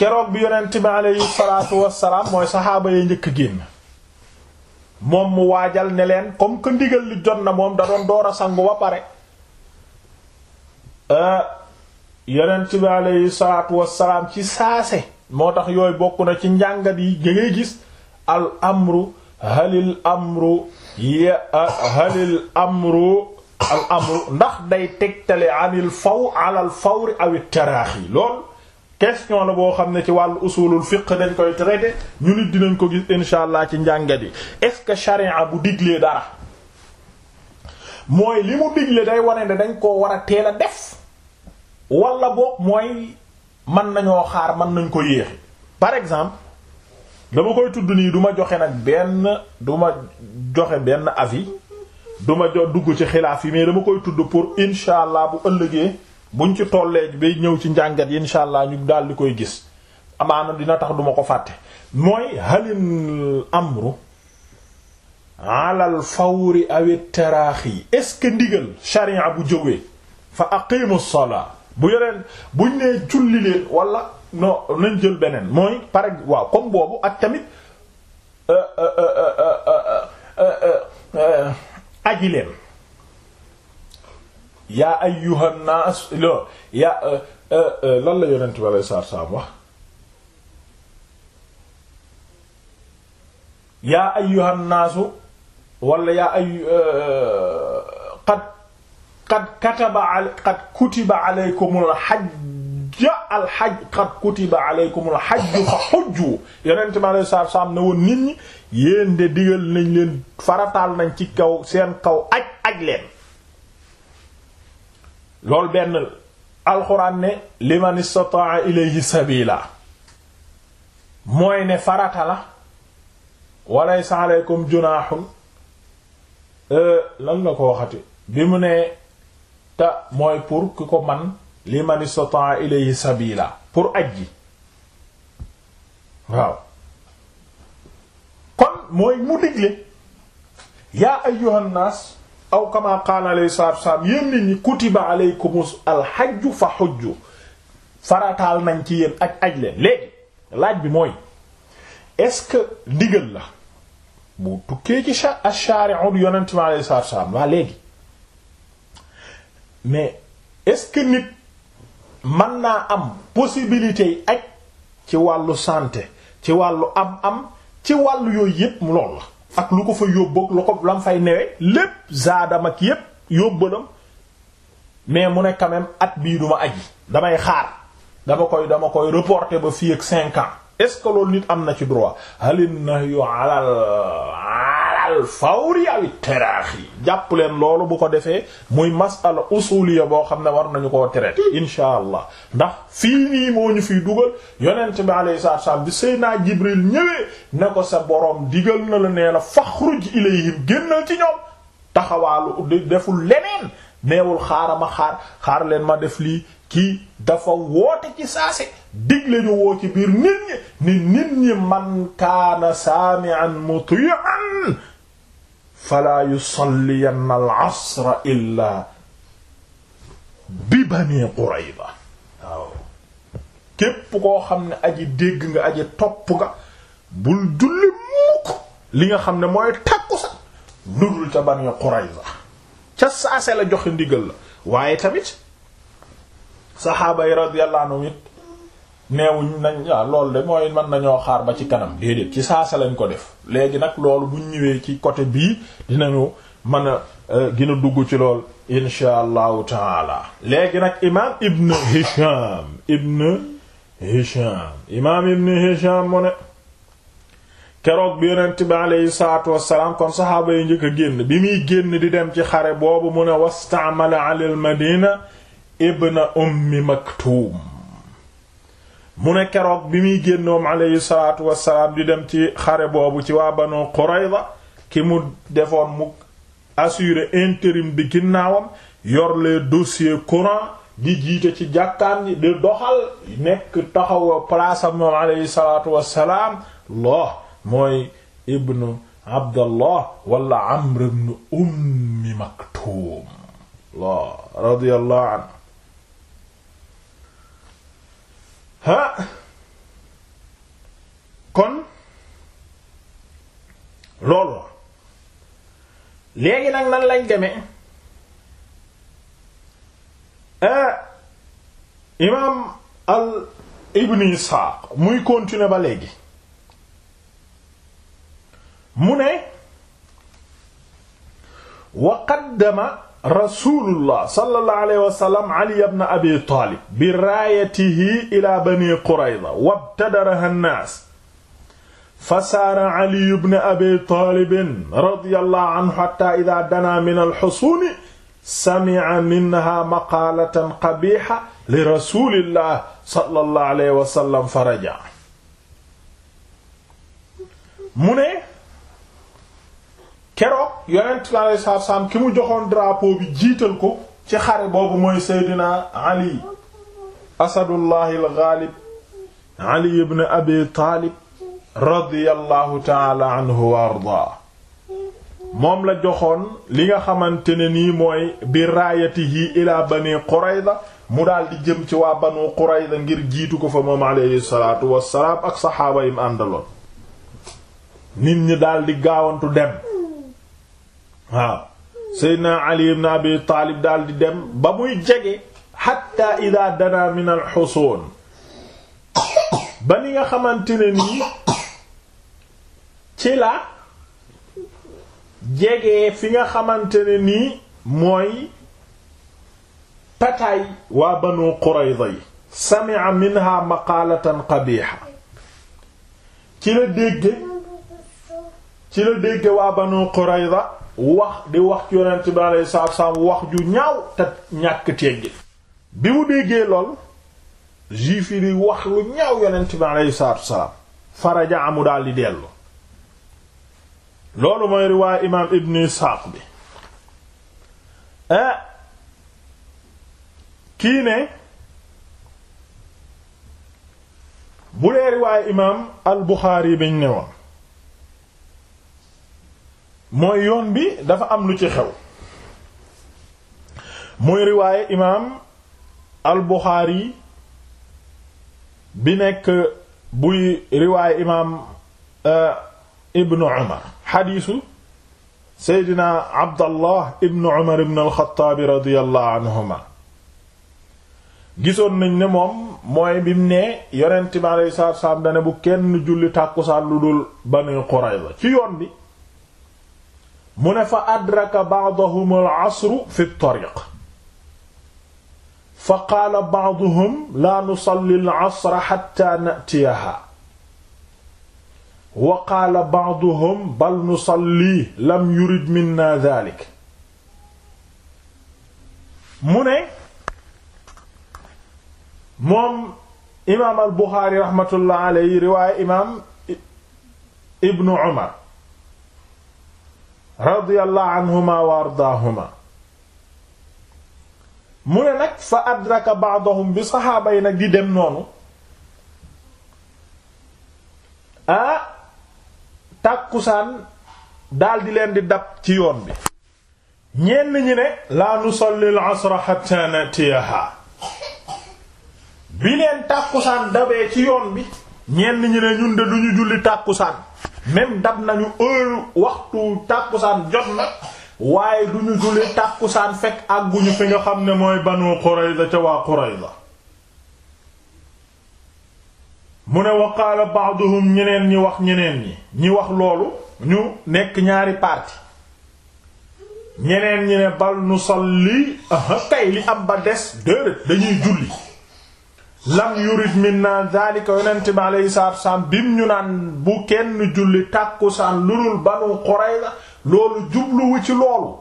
keroog bi yonent bi aleyhi salaatu wassalaam mooy saxaaba yi njëkk génn moom mu waajal ne leen comme que ndigal li jot na moom da doon door sangu ba pare euh, yonent bi aleyhi salaatu wassalaam ci saase moo tax yooyu bokk na ci njàngat yi ngay gis al amru halil amru halil amru al amru ndax day tegtali anil faw alal fawri awit taraaxi lool question na boo xam ne ci wàllu usulul fiqh dañ koy traité ñu nit dinañ ko gis insha allah ci njàngat yi est-ce que charia bu diglee dara mooy li mu digle day wane ne dañ koo war a teel def wala boog mooy man nañoo xaar mën nañ ko yéexi par exemple dama koy tudd nii du ma joxe nag benn du ma joxe benn avis du ma dugg ci xilaaf yi mais dama koy tudd pour insha allah bu ëllëgee buñ ci tollee bi ñëw ci njàngat yi insha allah ñu daal di koy gis amaana dina tax duma ko fàtte mooy halil amru alal fawri awi taraaxi est ce que ndigal sharia bu jógee fa aqimu salaa bu yoreen buñ nee julli leen wala non nañ jël beneen mooy par waaw comme boobu ak tamit euh, euh, euh, aji leen yaa ayyuhan naas lo yaa eh, eh, eh, lan la yonent bi alei saatu salaam wax yaa ayyuhan naasu wala yaa ay qad qad kataba qad kutiba alaykumul hajj al hajj qad kutiba alaykumul hajj fa hujju yonent bi alei saatu salaam ne woon nit ñi yéen de digal nañ leen farataal nañ ci kaw seen kaw aj aj leen loolu benn la alxuraan ne liman istataa ilayhi sabila mooy ne farata la walaysa aleykum junaaxun euh, lan la ko waxati bi mu ne te mooy pour ki ko man liman istataa ilayhi sabila pour ajji waaw kon mooy mu digle yaa ayyuhan aw kama qaala alayhi salaatu wassalaam yéen nit ñi kutiba fa xujju farataal nañ ci yéen ak aj leen léegi laaj bi mooy est-ce que ndigal la bu tukkee ci sha ash-shari'u yonent mi alayhi salaatu léegi mais est-ce que nit mën naa am possibilité yi aj ci wàllu santé ci wàllu am am ci wàllu yooyu yépp lool la ak lu ko fa yóbboog lu ko lam fay newe lépp zaadam ki yépp yóbbalam mais mu ne quand at bii ma aji damay xaar dama koy dama koy reporter ba fi ak cinq ans est-ce que loolu nit am na ci droit halin nahyu ala alfawri aw taraaxi jàpp leen loolu bu ko defee muy masala usuliya boo xam ne war nañu koo traité insha allah ndax fii nii moo ñu fiy dugal yonent bi alayhi salaatu wasallam bi Seydina Jibril ñëwee ne ko sa boroom digal na la nee la faxruj ilayhim génnal ci ñoom taxawaalu deful leneen neewul xaara ma xaar xaar leen ma def lii kii dafa woote ci saase digle ñu woo ci biir nit ñi ni nit ñi man kaana saami'an muti'an falaa yusalliyanna al asra illaa bi bani qurayda képp koo xam ne aji dégg nga aji topp nga bul julli mukk li nga xam ne mooy takku sax ludul ca bani qurayda ca saase la joxe ndigal la waaye tamit saxaaba yi radiyallahu anhum it neewuñ nañ waaw ah, loolu de mooy mën nañoo xaar ba ci kanam déedéet ci saasa lañ ko def léegi nag loolu buñ ñëwee ci côté bii dinañu mën a euh, gën a dugg ci lool insha allahu taala léegi nag imaam ibn hisham ibn hisham imaam ibn hisham mu ne keroog bi yonent bi aleyhi salaatu wassalaam kon saxaaba yi njëkk a génn bi muy génn di dem ci xare boobu mu ne wastaamala ala al madina ibn ummi maktuum mu ne keroog bi muy génn moom aleyhi salaatu wassalaam di dem ci xare boobu ci waa Banu Qurayza ki mu defoon mu assurer intérim bi ginnaawam yor les dossiers di jiite ci jàkkaan di doxal nekk taxaw place am moom aleyhi salaatu wassalaam loh mooy ibnu abdallah wala amr ibn ummi maktuum loh radiyallahu anhu ha kon loolu léegi nag nan lañ demee eh, imaam al ibni isxaaq muy continuer ba léegi mu ne wa qaddama rasulullah sallallahu alayhi wa sallam ali ibn abi taalib bi raayatihi ila bani qurayza wabtadaraha an-naas fasaara ali ibn abi taalib radiyallahu anhu hatta idha dana min al-husuun sami'a minha maqaalatan qabiiha li rasulillah sallallahu alayhi wa sallam faraja mu ne keroog yonent ki mu joxoon drapeau bi jiital ko ci xare boobu mooy Seydina Ali asadullahi Ali ibn Abi Taalib radiyallahu ta'ala anhu wa ardaa moom la joxoon li nga xamante ne nii mooy bi raayatihi ila bani Qurayza mu daldi jëm ci waa banu Qurayza ngir jiitu ko fa moom alayhi salaatu wassalaam ak saxaaba yi àndaloon nit ñi daal gaawantu dem waaw Seydina Ali ibn Abi Taalib daal di dem ba muy jege hatta ida dana min al ba ni nga xamante ne nii la jege fi nga xamantene ne nii mooy pataay waa Banu Qurayza yi minha maqaalatan qabiiha ci la dégge ci la Banu Qurayza wax di wax yonent bi alayhi salaam wax ju ñaaw te ñàkk teggin bi mu déggee lool juif yi di wax lu ñaaw yonent bi alayhi salaatu salaam faraja daal di dellu loolu mooy riwaay imaam Ibn Isxaaq bi ah kii ne bu dee riwaay imaam al biñ ne woon mooy yoon bi dafa am lu ci xew muy riwaaye imaam al bi nekk buy riwaaye imaam euh, ibnu Umar xadiisu seydina Abdallah ibnu Umar ibnu al radiyallahu anhuma gisoon nañ ne moom mooy bim ne yonent bi alayhi salaatu wa salaam bu kenn julli tàkkusaan lu dul Banu Qurayza ci yoon bi mu ne fa adraka ba'dahum al-'asr fi at-tariq fa qaala ba'duhum laa nusalli al-'asra hatta na'tiyaha wa qaala ba'duhum bal nusalli lam yurid minna dhalik mu ne moom imaam al-Buxaari rahmatullah alayhi riwaaya imaam Ibn Umar radiyallahu anhuma wa ardaahuma mu ne nag fa adraka ba'dahum bi saxaaba yi nag di dem noonu ah tàkkusaan daldi leen di dab ci yoon bi ñenn ñi ne laa nusalli al-asra hatta bi leen tàkkusaan dabee ci yoon bi ñenn ñi ne ñun de duñu julli tàkkusaan même dab nañu heure waxtu tàkkusaan jot na waaye du ñu julli tàkkusaan fekk àgguñu fi nga xam ne mooy banu Qurayza ca waa Qurayza mu ne wa qaala ba'duhum ñeneen ñi wax ñeneen ñi ñi wax loolu ñu nekk ñaari parti ñeneen ñi ne bal nu sol salli kay li am ba des déedéet dañuy julli lam yurid minna zalika yonent bi alayhi salaatu wasalaam bim ñu naan bu kenn julli tàkkusaan lulul banu Qurayza loolu jubluwu ci loolu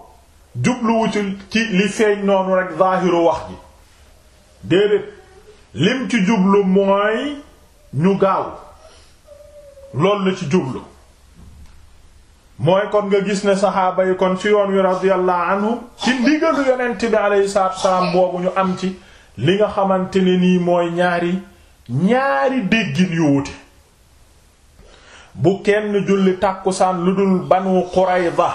jubluwu ci ci li feeñ noonu rek zaahiru wax ji déedéet lim ci jublu mooy ñu gaaw loolu la ci jublu mooy kon nga gis ne saxaaba yi kon ci yoon wi radiyallahu anhu ci ndigalu yonent bi alayhi salaatu wasalaam boobu ñu am ci li nga xamante ni nii mooy ñaari ñaari déggin yu wute bu kenn julli tàkkusaan lu dul banu ba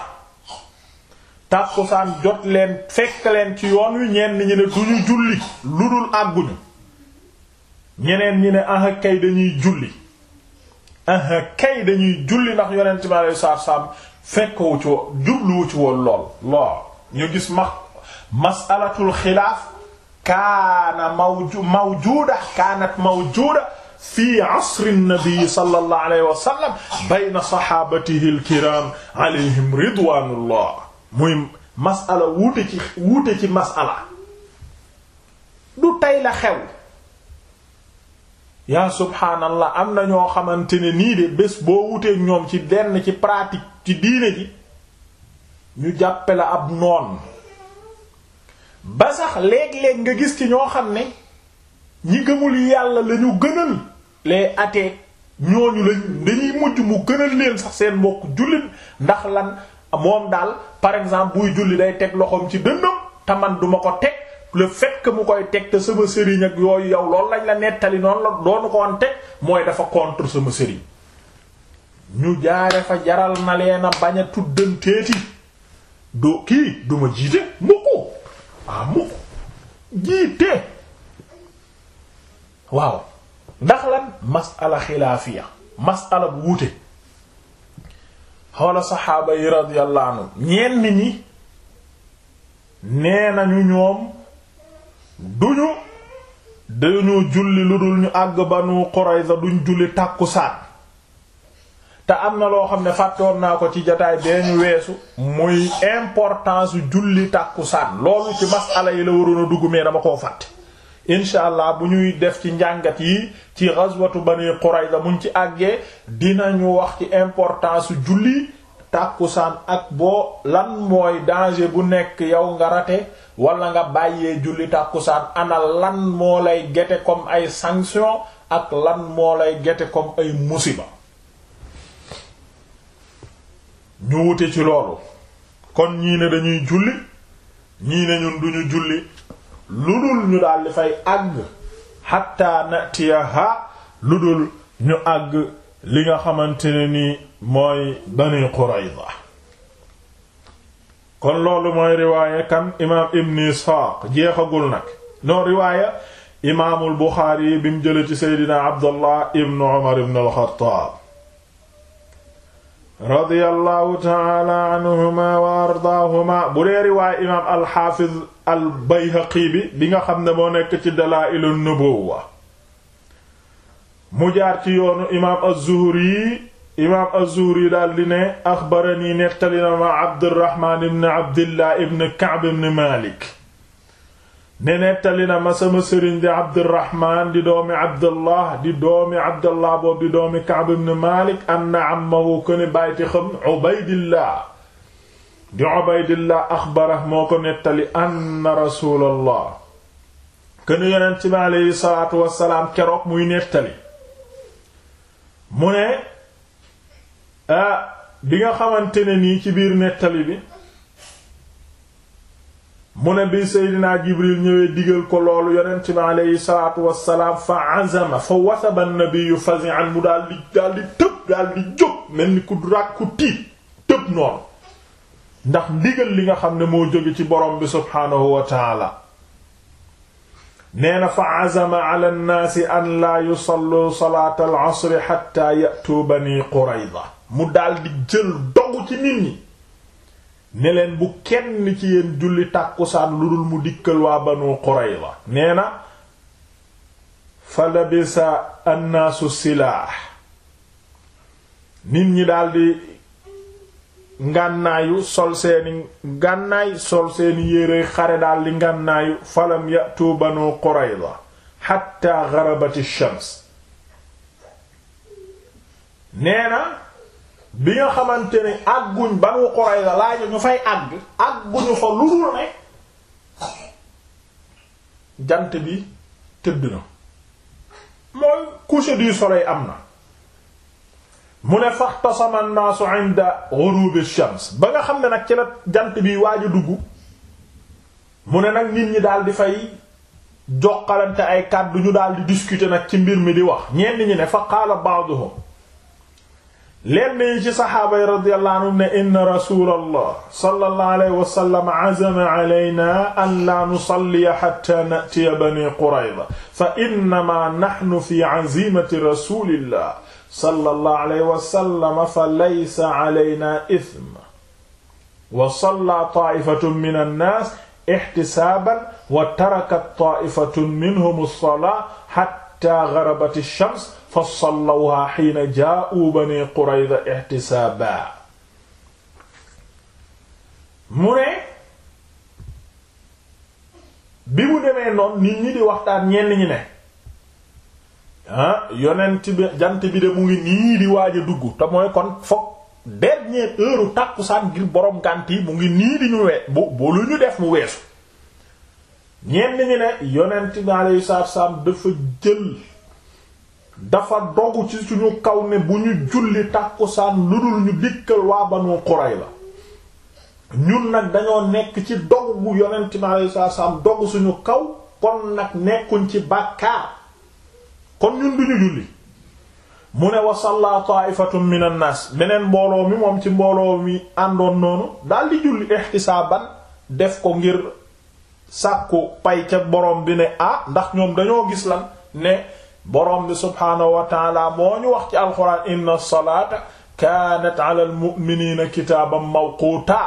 tàkkusaan jot leen fekk leen ci yoon wi ñenn ñi ne duñu julli lu dul àgguñu ñeneen ñi ne aha kay dañuy julli aha kay dañuy julli ndax yonent mi alayhi salaatu salaam fekkowu ci jubluwu ci woon lool lool ñu gis ma masalatul xilaaf kaana mawju mawjuuda kaanat mawjuuda fi asri nabi sallallahu alayhi wa sallam bayna saxaabatihi al-kiraam alayhim ridwaanullah muy mas'ala wuute ci wuute ci mas'ala du tey la xew. yaa subhaanallah am na ñoo xamante ne nii de bés boo wuteeg ñoom ci denn ci pratique ci diine ji ñu jàppe la ab noon. ba sax léeg-léeg nga gis ci ñoo xam ne ñi gëmul yàlla lañu gënal les athées ñooñu lañ dañuy mujj mu gënal leen sax seen mbokk jullit ndax lan moom daal par exemple buy julli day teg loxoom ci dëndam te man duma ko teg le fait que mu koy teg te sama sëriñ ak yooyu yow loolu lañ la nettali noonu la doonu ko woon mooy dafa contre sama sëriñ ñu jaare fa jaral na leen a bañ a tuddanteeti doo kii duma jiite mukk ah mukk jiite waaw ndax lan masala xilaafiya masala bu wuute xoola saxaaba yi radiyallahu anhu ñenn ñi nee nañu ñoom duñu dañoo julli lu dul ñu àgg Banu Qurayza duñ julli tàkkusaan te am na loo xam ne fàttoon naa ko ci jataay bee ñu weesu muy importance julli tàkkusaan loolu ci masala yi la waroon a dugg mais dama koo fàtte incha allah bu ñuy def ci njàngat yi ci ghazwatu Bani la muñ ci àggee ñu wax ci importance julli tàkkusaan ak boo lan mooy danger bu nekk yow nga rate wala nga bàyyee julli tàkkusaan ana lan moo lay gete comme ay sanction ak lan moo lay gete comme ay musiba ñu wute ci loolu kon ñii ne dañuy julli ñii ñun duñu julli lu dul ñu daldi fay àgg hatta natiyaha lu dul ñu àgg li nga xamante ne ni mooy Bani Qurayza kon loolu mooy riwaaya kan imaam Ibn Isxaaq jeexagul nag non riwaaya imaamul Buxaari bi mu jële ci Seydina Abdullah ibn Umar ibn al radiyallahu taala anhuma wa ardaahuma bu dee riwaay imaam alxaafiz al bayhaqi bi bi nga xam ne moo nekk ci dalaa'ilu nubuwwa mu jaar ci yoonu imaam az-zuhri imaam az-zuhri daal di ne axbarani nettali na ma abdurrahmaan ibn abdillah ibn ka'b ibn maalik ne nettali na ma sama sëriñ di abdirahman di doomi abdullah di doomi abdullah boobu di doomi kaab ibn malik anna ammahu ko ne bàyti xam ubaydillah di ubaydillah axbara moo ko nettali anna rasulallah këni yonent bi aleyhi salaatu wassalaam keroog muy nettali mu ne ah bi nga xamante ne nii ci biir nettali bi mu ne bi seydinaa jibril ñëwee digal ko loolu yonent bi aleyhi salaatu wassalaam fa azama fa wasaba mu daal di tëb daal jóg mel ni ku ràkku tiit tëb noonu ndax ndigal li nga xam ne moo jóge ci borom bi subhaanahu wa taala nee na fa azama ala nnaasi an laa yusallu salaata al asri xatta ya'tu bani qurayza mu daal jël dogu ci nit ñi ne bu kenn ci yéen julli tàkkusaan lu dul mu dikkal waa banu Qurayza nee na fa annaasu silaah nit ñi daldi ngànnaayu sol seeni ngànnaay sol seeni yére xare daldi ngànnaayu falam yatu banu Qurayza garabati shams nee na bi nga xamante ni àgguñ Banu Qurayza laajo ñu fay àgg àgguñu fa lu dul ne jant bi tëdd na mooy coucher du soleil am na mu ne faxtasama an-naasu 'inda ghurubi ash-shams ba nga xam ne nag ci la jant bi waaj a dugg mu ne nag nit ñi daal di fay joxalante ay kàddu ñu daal di discuter nag ci mbir mi di wax ñenn ñi ne fa qaala ba'duhum lenn yi ci saxaaba yi radiyallahu anhum ne inna rasulallah sallallahu alayhi wa sallam azama alayna an la nusalli hatta na'tiya bani qurayza fa innama nahnu fi azimati rasulillah sallallahu alayhi wa sallam fa laysa alayna ithm wa salla ta'ifatun min an-nas ihtisaban wa tarakat ta'ifatun minhum as-salata hatta gharabat ash-shams fa sallawha xiina jaa'u bani qurayza ihtisaaba mu ne bi mu demee noonu nit ñi di waxtaan ñenn ñi ne ah, yonent bi jant bi de mu ngi nii di waaj dugg te mooy kon foog dernière heure tàkkusaan ngir borom gànt yi mu ngi nii di ñu we bu bu lu ñu def mu weesu ñenn ñi ne yonent bi alayhi salaatu wa dafa jël dafa dogu ci suñu kaw ne bu ñu julli tàkkusaan lu dul ñu dikkal waa Banu la ñun nag dañoo nekk ci dogu bu yonent mi alayhi salaam suñu kaw kon nag nekkuñ ci bàkkaar kon ñun duñu julli mu ne wa salla ta'ifatun min an mbooloo mi moom ci mbooloo mi àndoon noonu daldi di julli ihtisaaban def ko ngir sàkku pay ca borom bi ne ah ndax ñoom dañoo gis lan ne borom bi subhaanahu wa taala moo ñu wax ci alxuraan inna salaata kaanat ala al mu'miniina kitaaban mawquuta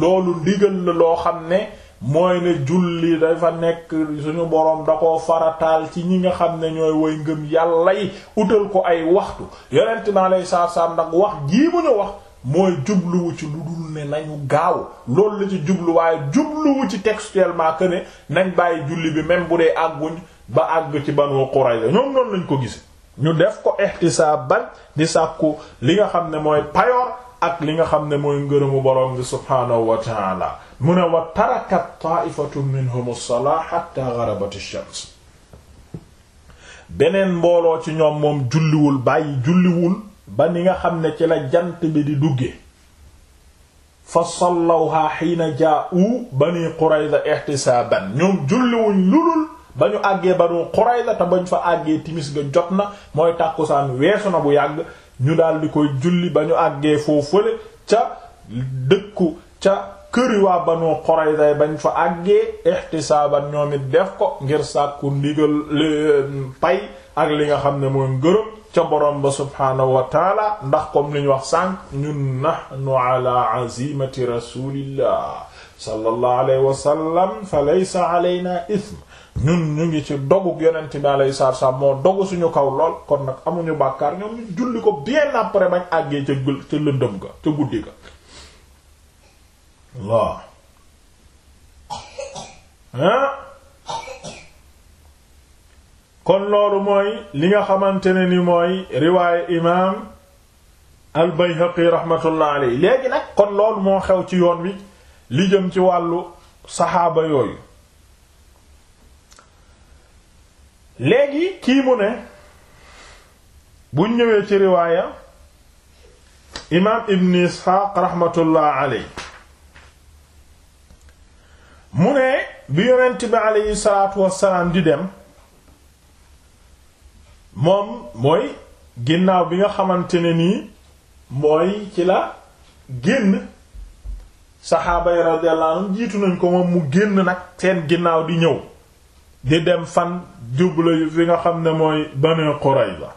loolu ndigal la loo xam ne mooy ne julli dafa nekk suñu boroom da koo farataal ci ñi nga xam ne ñooy woy ngëm yàlla yi utal ko ay waxtu yonent naa lay saar saar ndax wax jii mu ñu wax mooy jubluwu ci lu dul ne nañu gaaw loolu la ci jublu waaye jubluwu ci textuellement que ne nañ bàyyi julli bi même bu dee àgguñ ba àgg ci Banu Qurayza ñoom noonu lañu ko gise ñu def ko ihtisaaban di sàkku li nga xam ne mooy payoor ak li nga xam ne mooy ngërëmu borom bi subhaanahu wa taala mu ne wa tarakat taifatu minhum as-salaa hatta shams beneen mbooloo ci ñoom moom julliwul bàyyi julliwul ba ni nga xam ne ci la jant bi di dugge fa sallawha hiina jaa'u bani Qurayza ihtisaaban ñoom julliwuñ lulul ba ñu àggee Banu Qurayza te bañ fa àggee timis ga jot na mooy tàkkusaan weesu na bu yàgg ñu dal di koy julli ba ñu àggee foofale ca dëkku ca këri waa Banu Qurayza bañ fa àggee ihtisaaban ñoom it def ko ngir sàkku ndigal pay ak li nga xam ne mooy ngërëm ca borom ba subhaanahu wa taala ndax comme li ñu wax sànq ñun nahnu ala azimati rasulillah sallallahu alayhi wa fa laysa alayna ithm ñun ñu ngi ci dogu yonent bi alayhi salaatu wasallam moo dogu suñu kaw lool kon nag amuñu bàkkaar ñoom ñu julli ko bien après bañ àggee ca ca lëndëm ga ca guddi ga waaw kon loolu mooy li nga xamante ne ni mooy riwaaye imaam al Bayhaqi rahmatullah alayhi léegi nag kon loolu moo xew ci yoon wi li jëm ci wàllu saxaaba yooyu léegi kii mu ne buñ ñëwee ci riwaaya imaam ibn isxaaq raxmatullah aley mu ne bi yonent bi aleyhi salaatu wassalaam di dem moom mooy ginnaaw bi nga xamante ne nii mooy ci la génn saxaaba yi radiyallahu jiitu nañ ko moom mu génn nag seen ginnaaw di ñëw di dem fan jublu fi nga xam ne mooy Banu Qurayza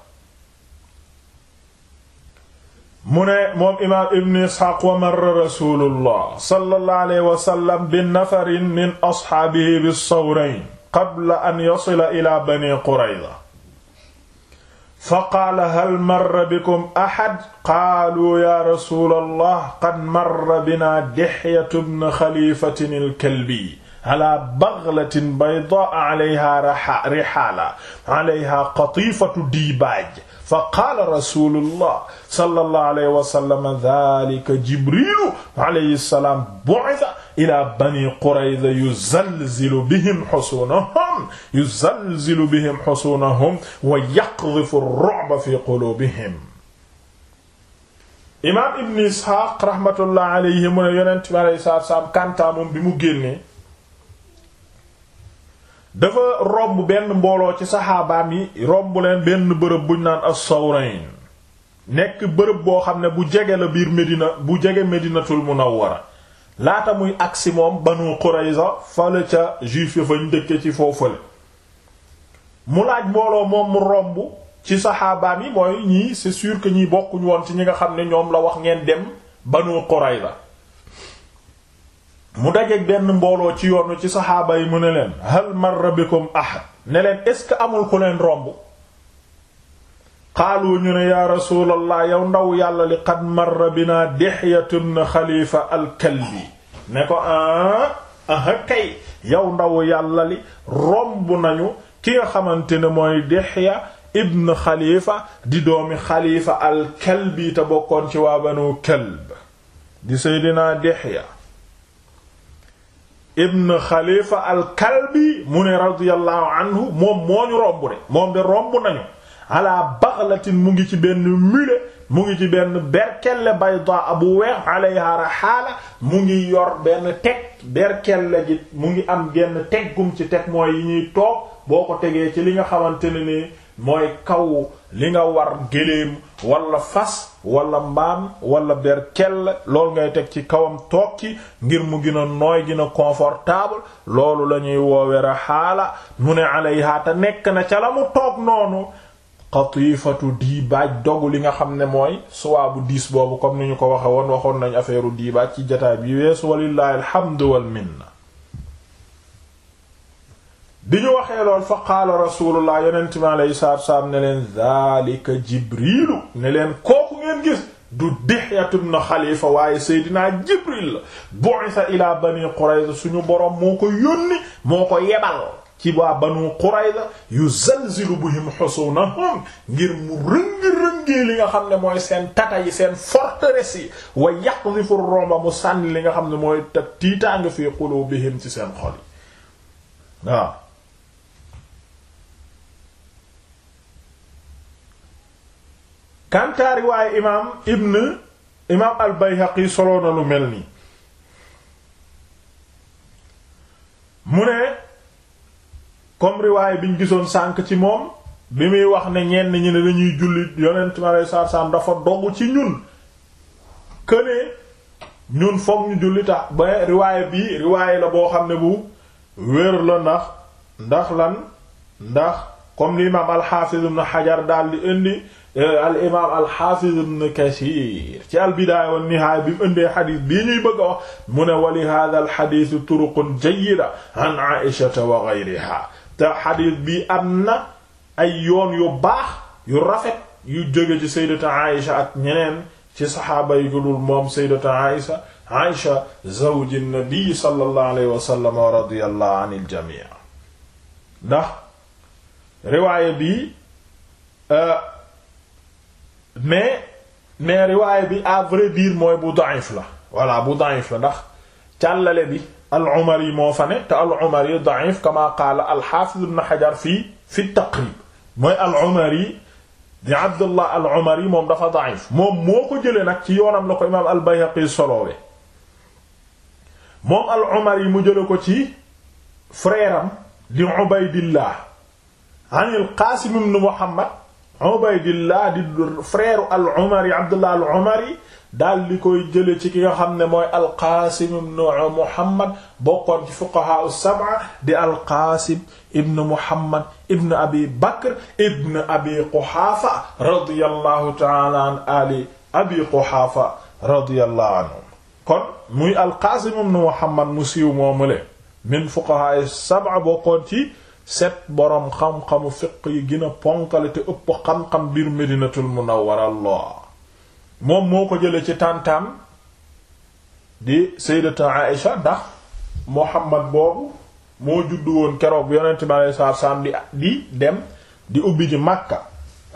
mu ne moom imaam ibn Isxaaq wa marra rasuulullah sallallahu alayhi wa sallam bi nafarin min asxaabihi bis-sawrayn qabla an yasila ila Bani Qurayza fa qaala hal marra bikum axad qaalu yaa rasuulallah qad marra binaa Dihya ibn Xaliifatin al-Kalbi ala baghlatin baydaa alayha rihala alayha qatifatu dibaaj fa qaala rasulullah sallallahu alayhi wa sallam dhalika jibrilu alayhi salam bu'itha ila bani qurayza yuzalzilu bihim husunahum yuzalzilu bihim husunahum wa yaqdhifu ar-ru'ba fi qulubihim imaam ibn ishaaq rahmatullah alayhi mu ne yonent bi alayhi salaam kantaa moom bi mu génnee dafa romb benn mbooloo ci saxaabaam yi romb leen benn bërëb buñ naan as-Sawrayn nekk bërëb boo xam ne bu jege la biir Medina bu jege Medinatul Munawwara laata muy agsi moom Banu Qurayza fale ca juif ya fañ dëkke ci foofale mu laaj mbooloo moom mu romb ci saxaabaam yi mooy ñii c'est sûr que ñii bokkuñ woon ci ñi nga xam ne ñoom la wax ngeen dem Banu la mu daje benn mbooloo ci yoonu ci saxaaba yi mu ne leen hal marra bikum ahad ne leen est ce que amul ku leen romb xaalu ñu ne yaa rasulallah yow ndaw yàlla li qad marra bina dihyatun xalifa alkalbi ne ko a ah, aha kay yow ndaw yàlla li romb nañu ki nga xamante ne mooy dihya ibn xalifa di doomi xalifa alkalbi te bokkoon ci waa banu kalb di seydinaa dihya ibn Khalifa al-Kalbi mu ne radiyallahu anhu moom moo ñu romb de moom de romb nañu ala baghlatin mu ngi ci benn mule mu ngi ci benn berkelle baydaa bu weex alayha rahaala mu ngi yor benn teg berkelle gi mu ngi am genn teggum ci teg mooy yi ñuy toog boo ko tegee ci li nga xamante ne ni mooy kaw li nga war géléem walla fas wala mbaam wala berkell loolu ngay teg ci kawam toog ci ngir mu gën a nooy gën a confortable loolu la ñuy woowe raxaala mu ne alayha te nekk na ca la mu toog noonu qatifatu diibaaj dogu li nga xam ne mooy suwaabu diis boobu comme ni ñu ko waxe woon waxoon nañ affaire u diibaaj ci jataay bi weesu walillahi alhamdu wal minna bi ñu waxee lool fa qaala rasulullah yonent mi alayhi salaatu salaam ne leen zaalika jibrilu ne leen kooku ngeen gis du Dihyatu ibn Xalifa waaye Seydina Jibril la bu'itha ila bani Qurayza suñu borom moo ko yónni moo ko yebal ci waa banu Qurayza yuzalzilu bihim husunahum ngir mu rëngi-rëngee li nga xam ne mooy seen tata yi seen forteresse yi wa yaqdhifu ar-rumba mu sànni li nga xam ne mooy tab tiitaanga fi qulubihim ci seen xol yi waaw kantaa riwaaye imaam ibn imaam al yi solo na lu mel ni mu ne comme riwaaye biñ gisoon sànk ci moom bi muy wax ne ñenn ñi ne dañuy julli yonent mi aleyhi salaatu dafa dogu ci ñun kënee ñun foog ñu julli tax ba riwaaye bii riwaaye la boo xam ne bu wér la ndax ndax lan ndax comme li imaam alxaafiz ibn xajar daal di indi Euh, al imaam al xaafiz ibn Kasiir ci al bidaaya wa nihaaya bi mu ëndee xadis bii ñuy bëgg a wax mu ne wa li haaza al xadiis turuqun jayyida an Aysata wa gayrihaa te xadis bi am na ay yoon yu baax yu rafet yu jóge ci sayyidatu Aysa ak ñeneen ci saxaaba yi dul moom sayyidatu Aysa Aysa zawji nabi sallallahu alayhi wa sallam wa radiyallahu anil jamii' ndax riwaaya bi euh, mais mais riwaay bi à vrai dire mooy bu da'if la voilà bu da'if la ndax càllale bi al-Umari moo fa ne te al-Umari da'if kama qaala al-Hafiz ibn Hajar fii fi taqrib mooy al-Umari di Abdullah al moom dafa da'if moom moo ko jëlee nag ci yoonam la ko imaam al-Bayhaqi soloowe moom al-Umari mu jële ko ci frère am di Ubaydillah an al-Qasim ibn Muhammad Ubaydillah di frère al-Umari Abdullah al-Umari daal di koy jële ci ki nga xam ne mooy al-Qaasim ibn Muhammad bokkoon ci fuqaha as-sab'a di al-Qaasim ibn Muhammad ibn Abi Bakr ibn Abi Quhaafa radiyallahu ta'ala an ali Abi Quhaafa radiyallahu anhu kon muy al-Qaasim ibn Muhammad mu siiw moomule min fuqaha as-sab'a bokkoon ci set boroom xam-xamu fiq yi gën a ponkale te ëpp xam-xam biir medinatul munawwara Allah moom moo ko jële ci tàntaam di sayyidatu Aïsha ndax Muhammad boobu moo juddu woon keroog yonent bi alayhi salaatu salaam di di dem di ubbi ji Makka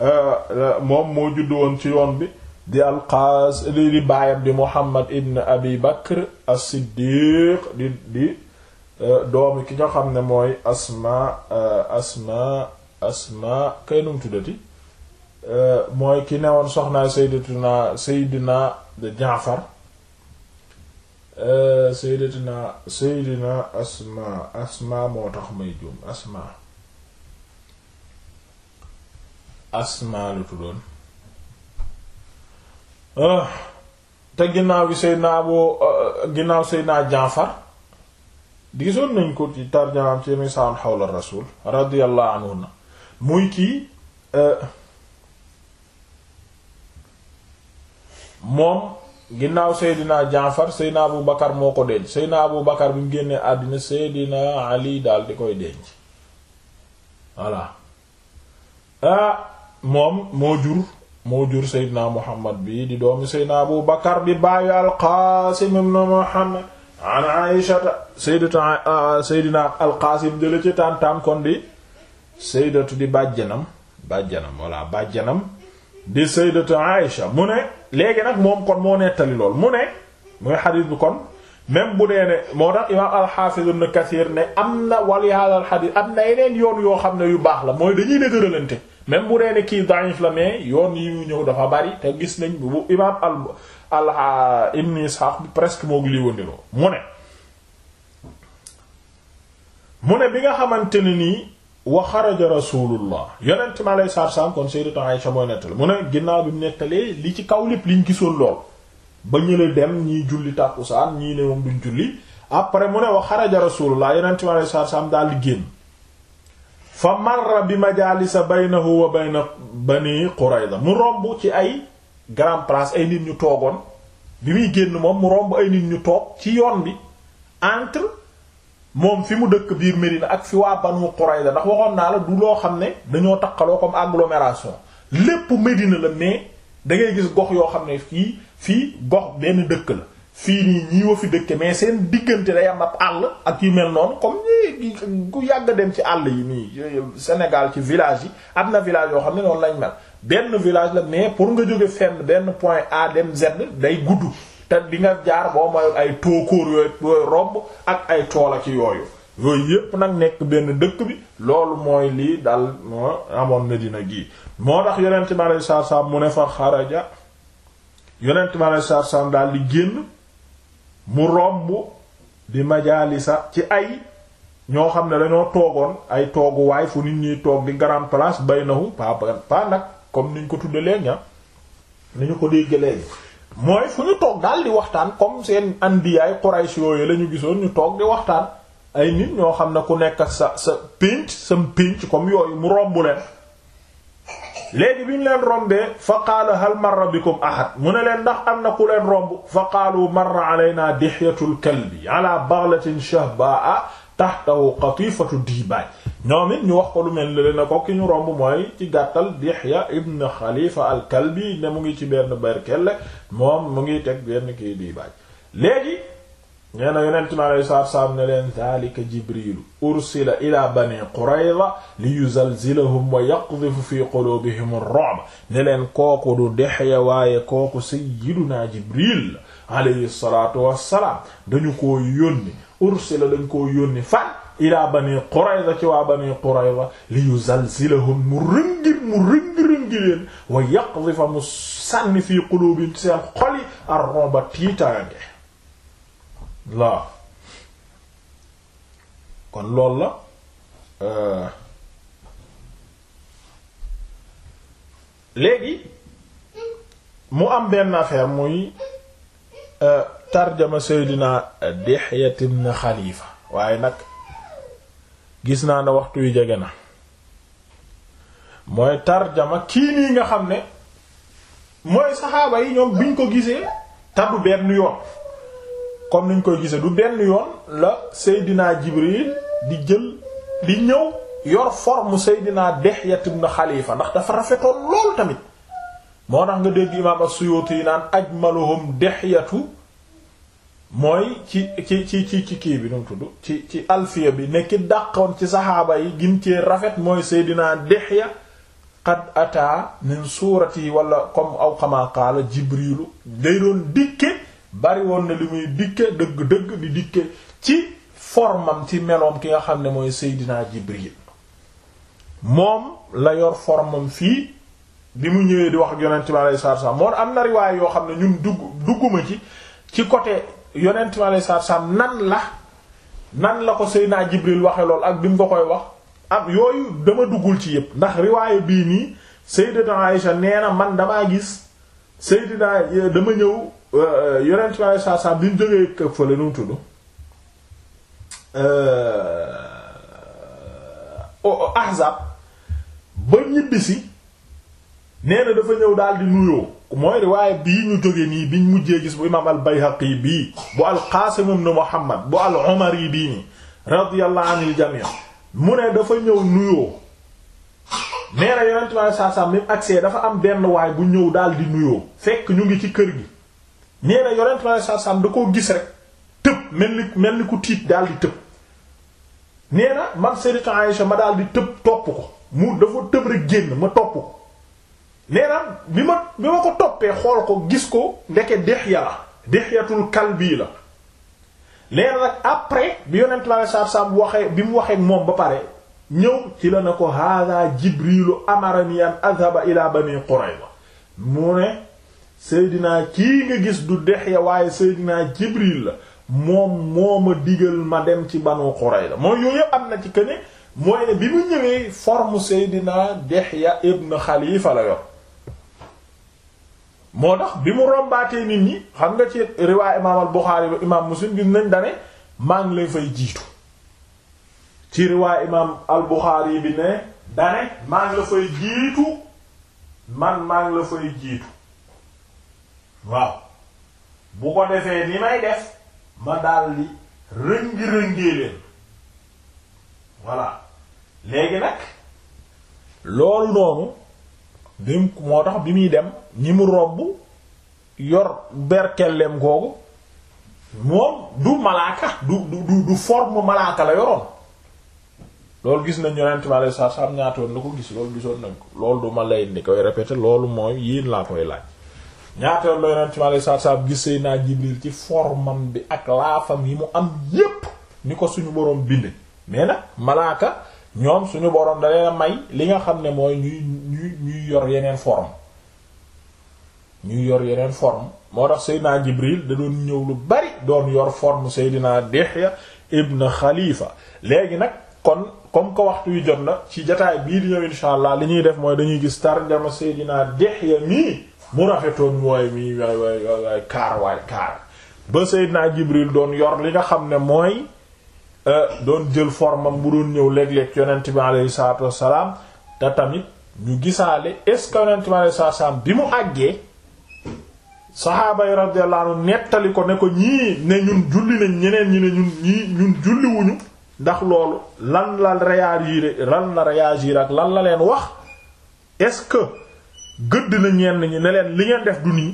euh, euh, moom moo juddu woon ci yoon bi di alqaas li di baayam di Muhammad ibn Abi Bakr as-Siddiq di Euh, doomi ki nga xam ne mooy asma euh, asma asma kay num tuddati euh, mooy ki newoon soxnaa sayyidatuna sayyidina Jaafar sayyidatuna sayyidina asma asma moo tax may juum asma asma lu tuddoon te ginnaaw gi sayyidina Abu ginnaaw sayyidina Jaafar gisoon nañ ko ci tarjamaam ci misaan xawla rasul radiyallahu anhu na muy kii euh, moom ginnaaw seydina jaafar seydina abu bakar moo ko denc seydina abu bakar bi mu génnee àddina seydina ali daal di koy denc voilà ah moom moo jur moo jur seydina muhammad bi di doomi seydina abu bakar di baayu al qaasim muhammad an aishata sayyidatu sayyidina alqaasim jële ci taam-taam kon di sayyidatu di bàjjanam bàjjanam walla bàjjanam di sayyidatu aisha mu ne léegi nag moom kon moo nettali lool mu ne muy xadiis bi kon même bu dee ne moo tax imaam alxaafiz ibn kathir ne am na wali hada alxadiis am na yeneen yoon yoo xam ne yu baax la mooy dañuy dëgëralante même bu dee ne kii da'if la mais yoon yi mu ñëw dafa bari te gis nañ bu imaam al al ibn Ishaq bi presque moo ngi lii wandiloo mu ne mu ne bi nga xamante ne nii wa xaraja rasulullah yonent mi alayhi salaatu salaam kon sayyidatu Aisha mooy la mu ne ginnaaw bi mu nettalee li ci kaw lépp liñ gisoon lool ba ñële dem ñii julli tàkkusaan ñii ne moom duñ julli après mu ne wa xaraja rasulullah yonent mi alayhi salaatu salaam daal di génn fa marra bi majaalisa baynahu wa bayna bani Qurayza mu romb ci ay grand place ay nit ñu toogoon bi muy génn moom mu romb ay nit ñu toog ci yoon bi entre moom fi mu dëkk biir Médina ak fi waa Banu Qurayza ndax waxoon naa la du loo xam ne dañoo takkaloo comme agglomération lépp Médina la mais da ngay gis gox yoo xam ne fii fii gox benn dëkk la fii nii ñii wa fi dëkke mais seen diggante day am ab àll ak yu mel noonu comme ku yàgg dem ci àll yi nii Sénégal ci village yi am na village yoo xam ne noonu lañ mel benn village la mais pour nga jóge fenn benn point A dem Z day gudd te di nga jaar boo mayul ay tookóor yooyu ak ay tool ak yooyu yooyu yépp nag nekk benn dëkk bi loolu mooy lii dal moo amoon Medina gii moo tax yonent mi aleyhi salaatu salaam mu ne fa xaraja yonent mi aleyhi salaatu salaam di génn mu romb di majaalisa ci ay ñoo xam ne dañoo toogoon ay toogu waay fu nit ñuy toog di grande place bay nahu pa pa nag comme niñ ko tudde léegi ah, ni ñu ko dégg léegi mooy fu ñu toog daal di waxtaan comme seen andiyaay Quraysh yooyu la ñu gisoon ñu toog di waxtaan ay nit ñoo xam ne ku nekk sa sa pénc sam pénc comme yooyu mu romb leen léegi bi ñu leen rombee fa qaala hal marra bikum ahad mu ne leen ndax am na ku leen romb fa qaalu marra alaynaa dihyatul kalbi ala baghlatin shahbaa tahtahu qatifatu dibaaj ñoom it ñu wax ko lu mel ni leen ko ki ñu romb mooy ci gàttal Dihya ibn Khalifa al-Kalbi ne mu ngi ci benn berkelle moom mu ngi teg benn kii dibaaj léegi nee na yonent mi aleyhi salaatu salaam ne leen daalika jibrilu ursila ila bani qurayza li yuzalzilahum wa yaqdhifu fi quluubihim ar-ru'b ne leen kooku du Dihya waaye kooku sayyiduna jibril aleyhi salaatu wassalaam dañu koo yónni ursila dañ koo yónni fan ila bani qurayza ci waa bani qurayza li yuzalzilahum mu rëngi mu rëngi-rëngi leen wa yaqdhifa mu sànni fi quluubihim seen xoli ar-ru'ba tiitaange waaw kon loolu la euh. léegi mu am benn affaire muy euh, tarjama Seydina Dihya ibn Xalifa waaye nag gis naa ne waxtu yu jege na mooy tarjama kii nii nga xam ne mooy saxaaba yi ñoom biñ ko gisee taddu benn yoon comme niñ koy gisee du benn yoon la Seydina Jibril di jël di ñëw yor forme Seydina dexyatu na Khalifa ndax dafa rafetoon lool tamit moo tax nga dégg imaam as-Suyuti yi naan ajmaluhum Dihyatu mooy ci ci ci ci ci kii bi nu mu tudd ci ci alfiya bi ne dàqoon ci saxaaba yi gin cee rafet mooy Seydina Dihya qad ata min suurati wala comme aw kama qaala Jibrilu day doon dikke bari woon na li muy dikke dëgg-dëgg di dikke ci formam ci meloom ki nga xam ne mooy Seydina Jibril moom la yor formam fii bi mu ñëwee di wax ak yonent bi alayhi salaatu salaam moom am na riwaay yoo xam ne ñun dugg dugguma ci ci côté yonent bi alayhi salaatu nan la nan la ko Seydina Jibril waxe lool ak bi mu ko koy wax am yooyu dama duggul ci yépp ndax riwaay bii nii Sayyidatu Aïsha nee na man damaa gis Seydina dama ñëw Euh, yonent bi saa saa bi jógee kër fële nu mu tudd euh, oh, oh, ahzab ba ñibbisi nee dafa ñëw daal di nuyoo mooy riwaaye bii ñu jóge nii biñ mujjee gis bu imaam al Bayhaqi bii bu al Qaasim ibn Muhammad bu al Umari bii nii radiyallahu anil jamii mu ne dafa ñëw nuyoo nee na yonent bi saa saa mi agsee dafa am benn waay bu ñëw daal di nuyoo fekk ñu ngi ci kër gi. nee na yonent ma saa saam da koo gis rek tëb mel ni mel ni ku tiit daal di tëb nee man Sayyidatu ma daal di tëb topp ko mu dafa tëb rek génn ma topp ko nee bi ma bi ma ko toppee xool ko gis ko ndeke Dihya la kal bii la nee nag après bi yonent ma saa saam waxee bi mu waxee moom ba pare ñëw ci la na ko hada Jibrilu amarani an adhaba ila Bani Qurayza mu ne seydinaa kii nga gis du Dihya waaye seydinaa Jibril la moom moo ma digal ma dem ci Banu Qurayza mooy yooyu yëpp am na ci këne mooy ne bi mu ñëwee forme seydinaa Dihya ibn Xalifa la yor moo tax bi mu rombaatee nit ñi xam nga ci riwaay imaam al Buxaari imaam Muslim gis nañ dane maa ngi leen fay jiitu ci riwaay imaam al Buxaari bi ne dane maa la fay jiitu man maa la fay jiitu waaw bu ko defee ni may def ma daldi rëngi-rëngee leen voilà léegi nag loolu noonu bi moo tax bi muy dem ñi mu robb yor berkelleem googu moom du malaaka du du du forme malaaka la yoroon loolu gis na yonent mi alei satu salaam ñaatoon la ko gis loolu gisoon nañ ko loolu du ma lay ni koy répéter loolu mooy yéen laa koy laaj ñaata yoon la yonent bi alayhi salaatu salaam gis Seydina Jibril ci formam bi ak laafam yi mu am yépp ni ko suñu boroom binde mais nag malaaka ñoom suñu boroom da leen may li nga xam ne mooy ñuy ñuy ñuy yor yeneen forme ñuy yor yeneen form moo tax Seydina Jibril da doon ñëw lu bari doon yor forme Seydina Dihya ibn Khalifa léegi nag kon comme que waxtu yu jot na ci jataay bii di ñëw insha allah li ñuy def mooy dañuy gis tarjama Seydina Dihya mii mu rafetoon mooy mi waay waay kaar waay kaar ba Seydina Jibril doon yor li nga xam ne mooy euh, doon jël formam bu doon ñëw léeg-léeg yonent bi aleyhi salaatu wassalaam te tamit ñu gisaale est yonent bi aleyhi salaatu wassalaam mu àggee saxaaba yi radiyallahu nettali ko ne ko ñii ne ñun julli nañ ñeneen ñi ne ñun ñii ñun julliwuñu ndax loolu lan la réagir lan la réagir ak lan la leen wax est-ce gëdd na ñenn ñi ne leen li ngeen def du nii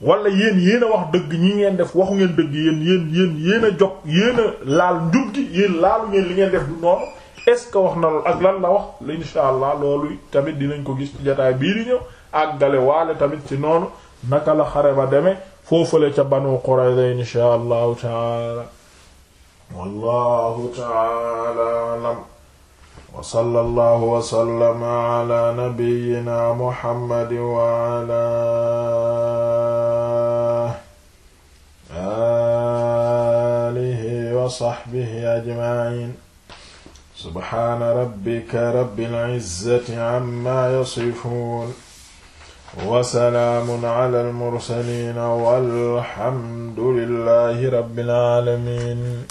wala yéen yéen a wax dëgg ñi ngeen def waxu ngeen dëgg yéen yéen yéen yéen a jog yéen laal njub gi yéen laalu ngeen li ngeen def du noonu est-ce que wax na loolu ak lan la wax insha allah loolu tamit dinañ ko gis ci jotaay bii di ñëw ak dale waale tamit ci noonu naka la xare ba demee foofale ca Banu Qurayza insha allahu taala wallahu taala alam wa sallallahu wa sallama ala nabiyyina muhammad wa ala alihi wa sahbihi ajma'in subhaana rabbika rabbil izzati amma yasifun wa salaamun ala al mursalin walhamdulillahi rabbil alamin